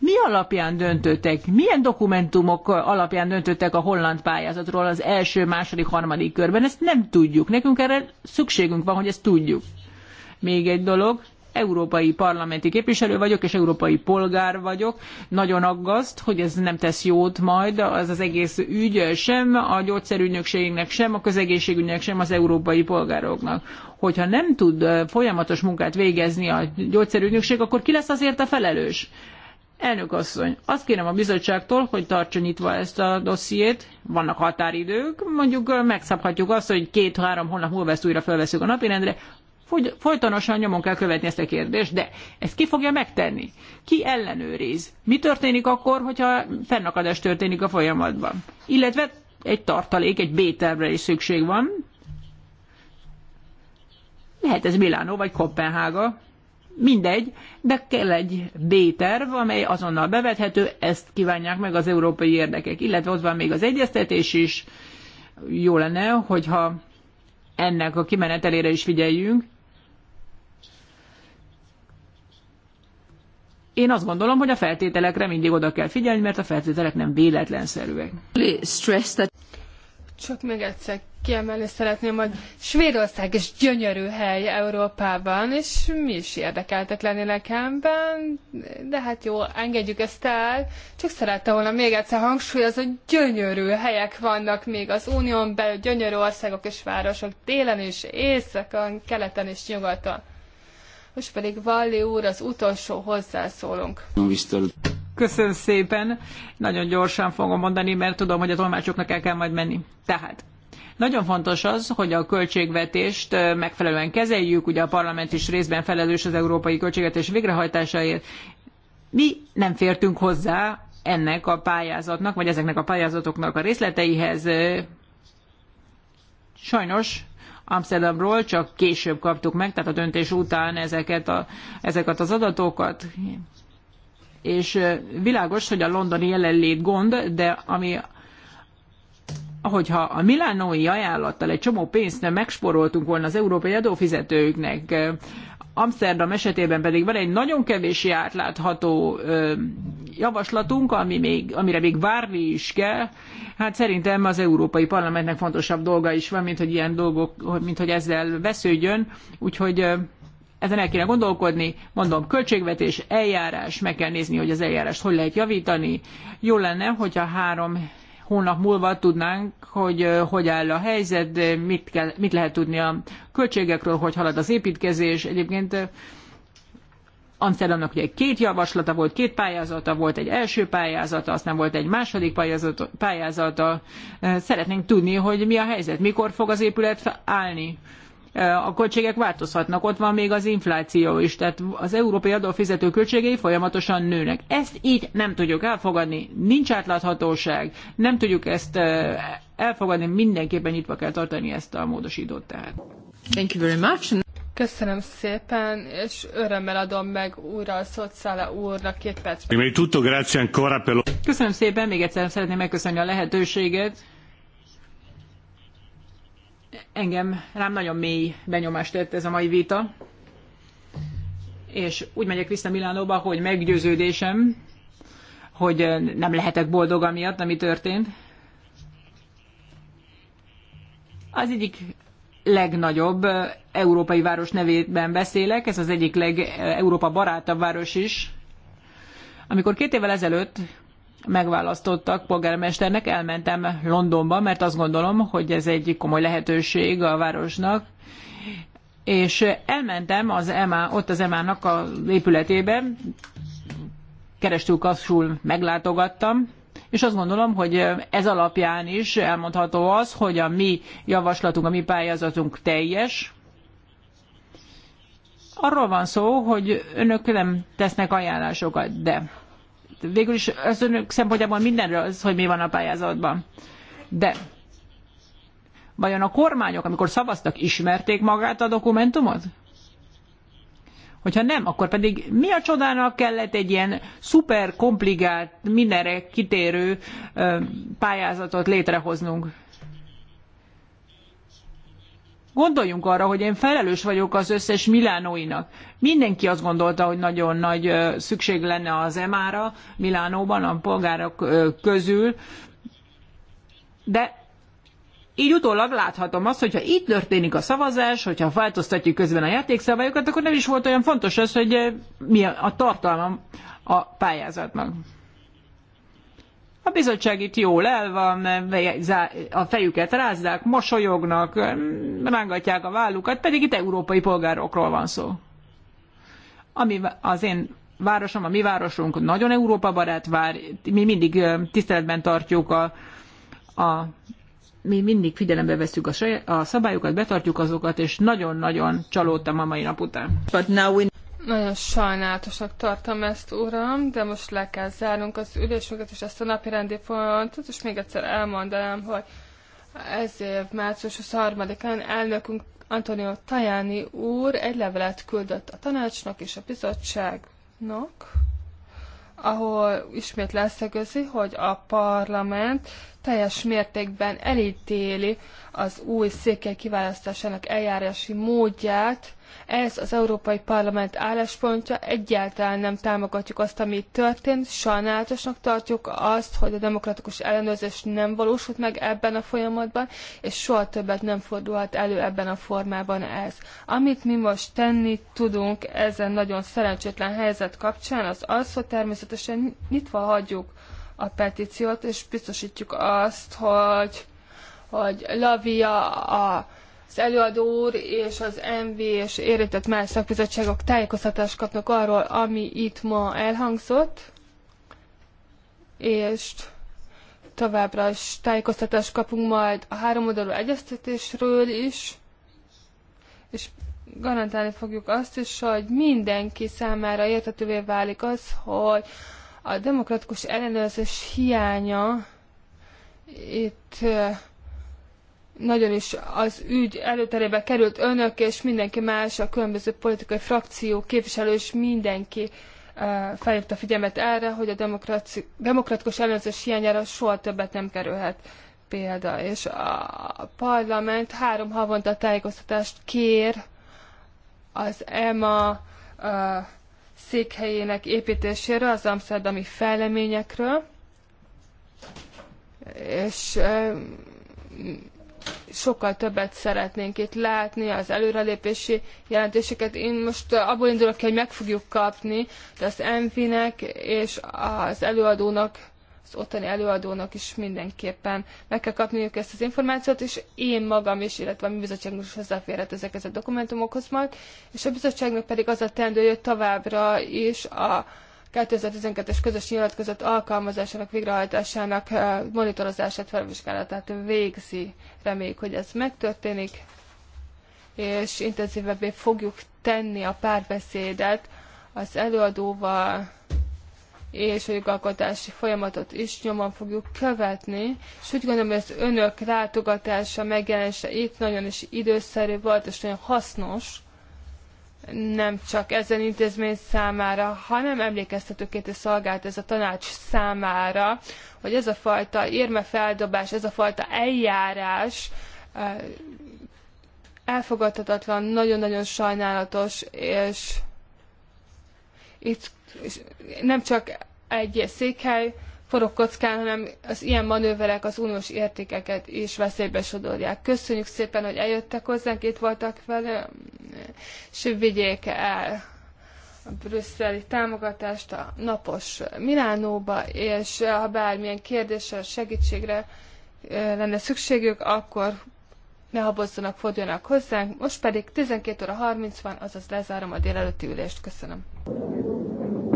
mi alapján döntöttek, milyen dokumentumok alapján döntöttek a holland pályázatról az első, második, harmadik körben? Ezt nem tudjuk. Nekünk erre szükségünk van, hogy ezt tudjuk. Még egy dolog, európai parlamenti képviselő vagyok, és európai polgár vagyok. Nagyon aggaszt, hogy ez nem tesz jót majd az az egész ügy sem a gyógyszerügynökségnek, sem a közegészségügynek, sem az európai polgároknak. Hogyha nem tud folyamatos munkát végezni a gyógyszerügynökség, akkor ki lesz azért a felelős? Elnök asszony, azt kérem a bizottságtól, hogy tartsa nyitva ezt a dossziét. Vannak határidők, mondjuk megszabhatjuk azt, hogy két-három hónap múlva ezt újra felveszünk a napirendre folytonosan nyomon kell követni ezt a kérdést, de ezt ki fogja megtenni? Ki ellenőriz? Mi történik akkor, hogyha fennakadás történik a folyamatban? Illetve egy tartalék, egy B-tervre is szükség van. Lehet ez Milánó vagy Kopenhága, mindegy, de kell egy B-terv, amely azonnal bevethető, ezt kívánják meg az európai érdekek. Illetve ott van még az egyeztetés is, jó lenne, hogyha ennek a kimenetelére is figyeljünk, Én azt gondolom, hogy a feltételekre mindig oda kell figyelni, mert a feltételek nem véletlenszerűek. Csak még egyszer kiemelni szeretném, hogy Svédország is gyönyörű hely Európában, és mi is érdekeltek lennének ebben, de hát jó, engedjük ezt el. Csak szerettem volna még egyszer hangsúlyozni, hogy gyönyörű helyek vannak még az unión belül, gyönyörű országok és városok, délen és éjszakon, keleten és nyugaton. Most pedig Valli úr az utolsó hozzászólunk. Köszönöm szépen. Nagyon gyorsan fogom mondani, mert tudom, hogy a tolmácsoknak el kell majd menni. Tehát nagyon fontos az, hogy a költségvetést megfelelően kezeljük, ugye a parlament is részben felelős az európai költségvetés végrehajtásáért. Mi nem fértünk hozzá ennek a pályázatnak, vagy ezeknek a pályázatoknak a részleteihez. Sajnos Amsterdamról, csak később kaptuk meg, tehát a döntés után ezeket, a, ezeket az adatokat. És világos, hogy a londoni jelenlét gond, de ami hogyha a milánói ajánlattal egy csomó pénzt nem megsporoltunk volna az európai adófizetőknek, Amsterdam esetében pedig van egy nagyon kevés átlátható javaslatunk, ami még, amire még várni is kell. Hát szerintem az Európai Parlamentnek fontosabb dolga is van, mint hogy ilyen dolgok, mint hogy ezzel vesződjön. Úgyhogy ezen el kéne gondolkodni, mondom, költségvetés, eljárás, meg kell nézni, hogy az eljárást hogy lehet javítani. Jó lenne, hogyha három hónap múlva tudnánk, hogy hogy áll a helyzet, mit, kell, mit lehet tudni a költségekről, hogy halad az építkezés. Egyébként Amsterdamnak ugye két javaslata volt, két pályázata volt, egy első pályázata, aztán volt egy második pályázata. Szeretnénk tudni, hogy mi a helyzet, mikor fog az épület állni. Eh, a költségek változhatnak, ott van még az infláció is, tehát az európai adófizető költségei folyamatosan nőnek. Ezt így nem tudjuk elfogadni, nincs átláthatóság, nem tudjuk ezt eh, elfogadni, mindenképpen nyitva kell tartani ezt a módosítót tehát. Thank you very much. Köszönöm szépen, és örömmel adom meg újra a szociál úrnak két perc. Köszönöm szépen, még egyszer szeretném megköszönni a lehetőséget engem rám nagyon mély benyomást tett ez a mai vita, és úgy megyek vissza Milánóba, hogy meggyőződésem, hogy nem lehetek boldog amiatt, ami történt. Az egyik legnagyobb európai város nevében beszélek, ez az egyik leg Európa barátabb város is. Amikor két évvel ezelőtt megválasztottak polgármesternek, elmentem Londonba, mert azt gondolom, hogy ez egy komoly lehetőség a városnak, és elmentem az EMA, ott az EMA-nak az épületébe, keresztül kasszul meglátogattam, és azt gondolom, hogy ez alapján is elmondható az, hogy a mi javaslatunk, a mi pályázatunk teljes. Arról van szó, hogy önök nem tesznek ajánlásokat, de végül is az önök szempontjából mindenről az, hogy mi van a pályázatban. De vajon a kormányok, amikor szavaztak, ismerték magát a dokumentumot? Hogyha nem, akkor pedig mi a csodának kellett egy ilyen szuper komplikált, mindenre kitérő pályázatot létrehoznunk? Gondoljunk arra, hogy én felelős vagyok az összes milánóinak. Mindenki azt gondolta, hogy nagyon nagy szükség lenne az emára Milánóban a polgárok közül, de így utólag láthatom azt, hogyha itt történik a szavazás, hogyha változtatjuk közben a játékszabályokat, akkor nem is volt olyan fontos az, hogy mi a tartalma a pályázatnak. A bizottság itt jól el van, a fejüket rázzák, mosolyognak, rángatják a vállukat, pedig itt európai polgárokról van szó. Ami az én városom, a mi városunk nagyon Európa barát vár, mi mindig tiszteletben tartjuk a, a mi mindig figyelembe veszük a, a szabályokat, betartjuk azokat, és nagyon-nagyon csalódtam a mai nap után. But now we nagyon sajnálatosnak tartom ezt, uram, de most le kell zárnunk az ülésünket és ezt a napi rendi pontot, és még egyszer elmondanám, hogy ez év március 23-án elnökünk Antonio Tajani úr egy levelet küldött a tanácsnak és a bizottságnak, ahol ismét leszögözi, hogy a parlament teljes mértékben elítéli az új székely kiválasztásának eljárási módját. Ez az Európai Parlament álláspontja, egyáltalán nem támogatjuk azt, ami történt, sajnálatosnak tartjuk azt, hogy a demokratikus ellenőrzés nem valósult meg ebben a folyamatban, és soha többet nem fordulhat elő ebben a formában ez. Amit mi most tenni tudunk ezen nagyon szerencsétlen helyzet kapcsán, az az, hogy természetesen nyitva hagyjuk a petíciót, és biztosítjuk azt, hogy, hogy Lavia a az előadó úr és az MV és érintett más szakbizottságok tájékoztatást kapnak arról, ami itt ma elhangzott, és továbbra is tájékoztatást kapunk majd a három oldalú egyeztetésről is, és garantálni fogjuk azt is, hogy mindenki számára értetővé válik az, hogy a demokratikus ellenőrzés hiánya itt nagyon is az ügy előterébe került önök és mindenki más, a különböző politikai frakció képviselő és mindenki felhívta figyelmet erre, hogy a demokratikus ellenőrzés hiányára soha többet nem kerülhet példa. És a parlament három havonta tájékoztatást kér az EMA székhelyének építéséről, az amszterdami fejleményekről, és sokkal többet szeretnénk itt látni, az előrelépési jelentéseket. Én most abból indulok ki, hogy meg fogjuk kapni, de az MV-nek és az előadónak az ottani előadónak is mindenképpen meg kell kapniuk ezt az információt, és én magam is, illetve a mi bizottságunk is hozzáférhet ezekhez a dokumentumokhoz majd, és a bizottságnak pedig az a hogy továbbra is a 2012-es közös nyilatkozat alkalmazásának, végrehajtásának eh, monitorozását, felvizsgálatát végzi. Reméljük, hogy ez megtörténik, és intenzívebbé fogjuk tenni a párbeszédet az előadóval, és a jogalkotási folyamatot is nyomon fogjuk követni, és úgy gondolom, hogy az önök látogatása, megjelenése itt nagyon is időszerű volt, és nagyon hasznos, nem csak ezen intézmény számára, hanem emlékeztetőként is szolgált ez a tanács számára, hogy ez a fajta érmefeldobás, ez a fajta eljárás elfogadhatatlan, nagyon-nagyon sajnálatos, és itt nem csak egy székhely forog kockán, hanem az ilyen manőverek az uniós értékeket is veszélybe sodorják. Köszönjük szépen, hogy eljöttek hozzánk, itt voltak vele, és vigyék el a brüsszeli támogatást a napos Milánóba, és ha bármilyen kérdéssel segítségre eh, lenne szükségük, akkor ne habozzanak, forduljanak hozzánk. Most pedig 12 óra 30 van, azaz lezárom a délelőtti ülést. Köszönöm.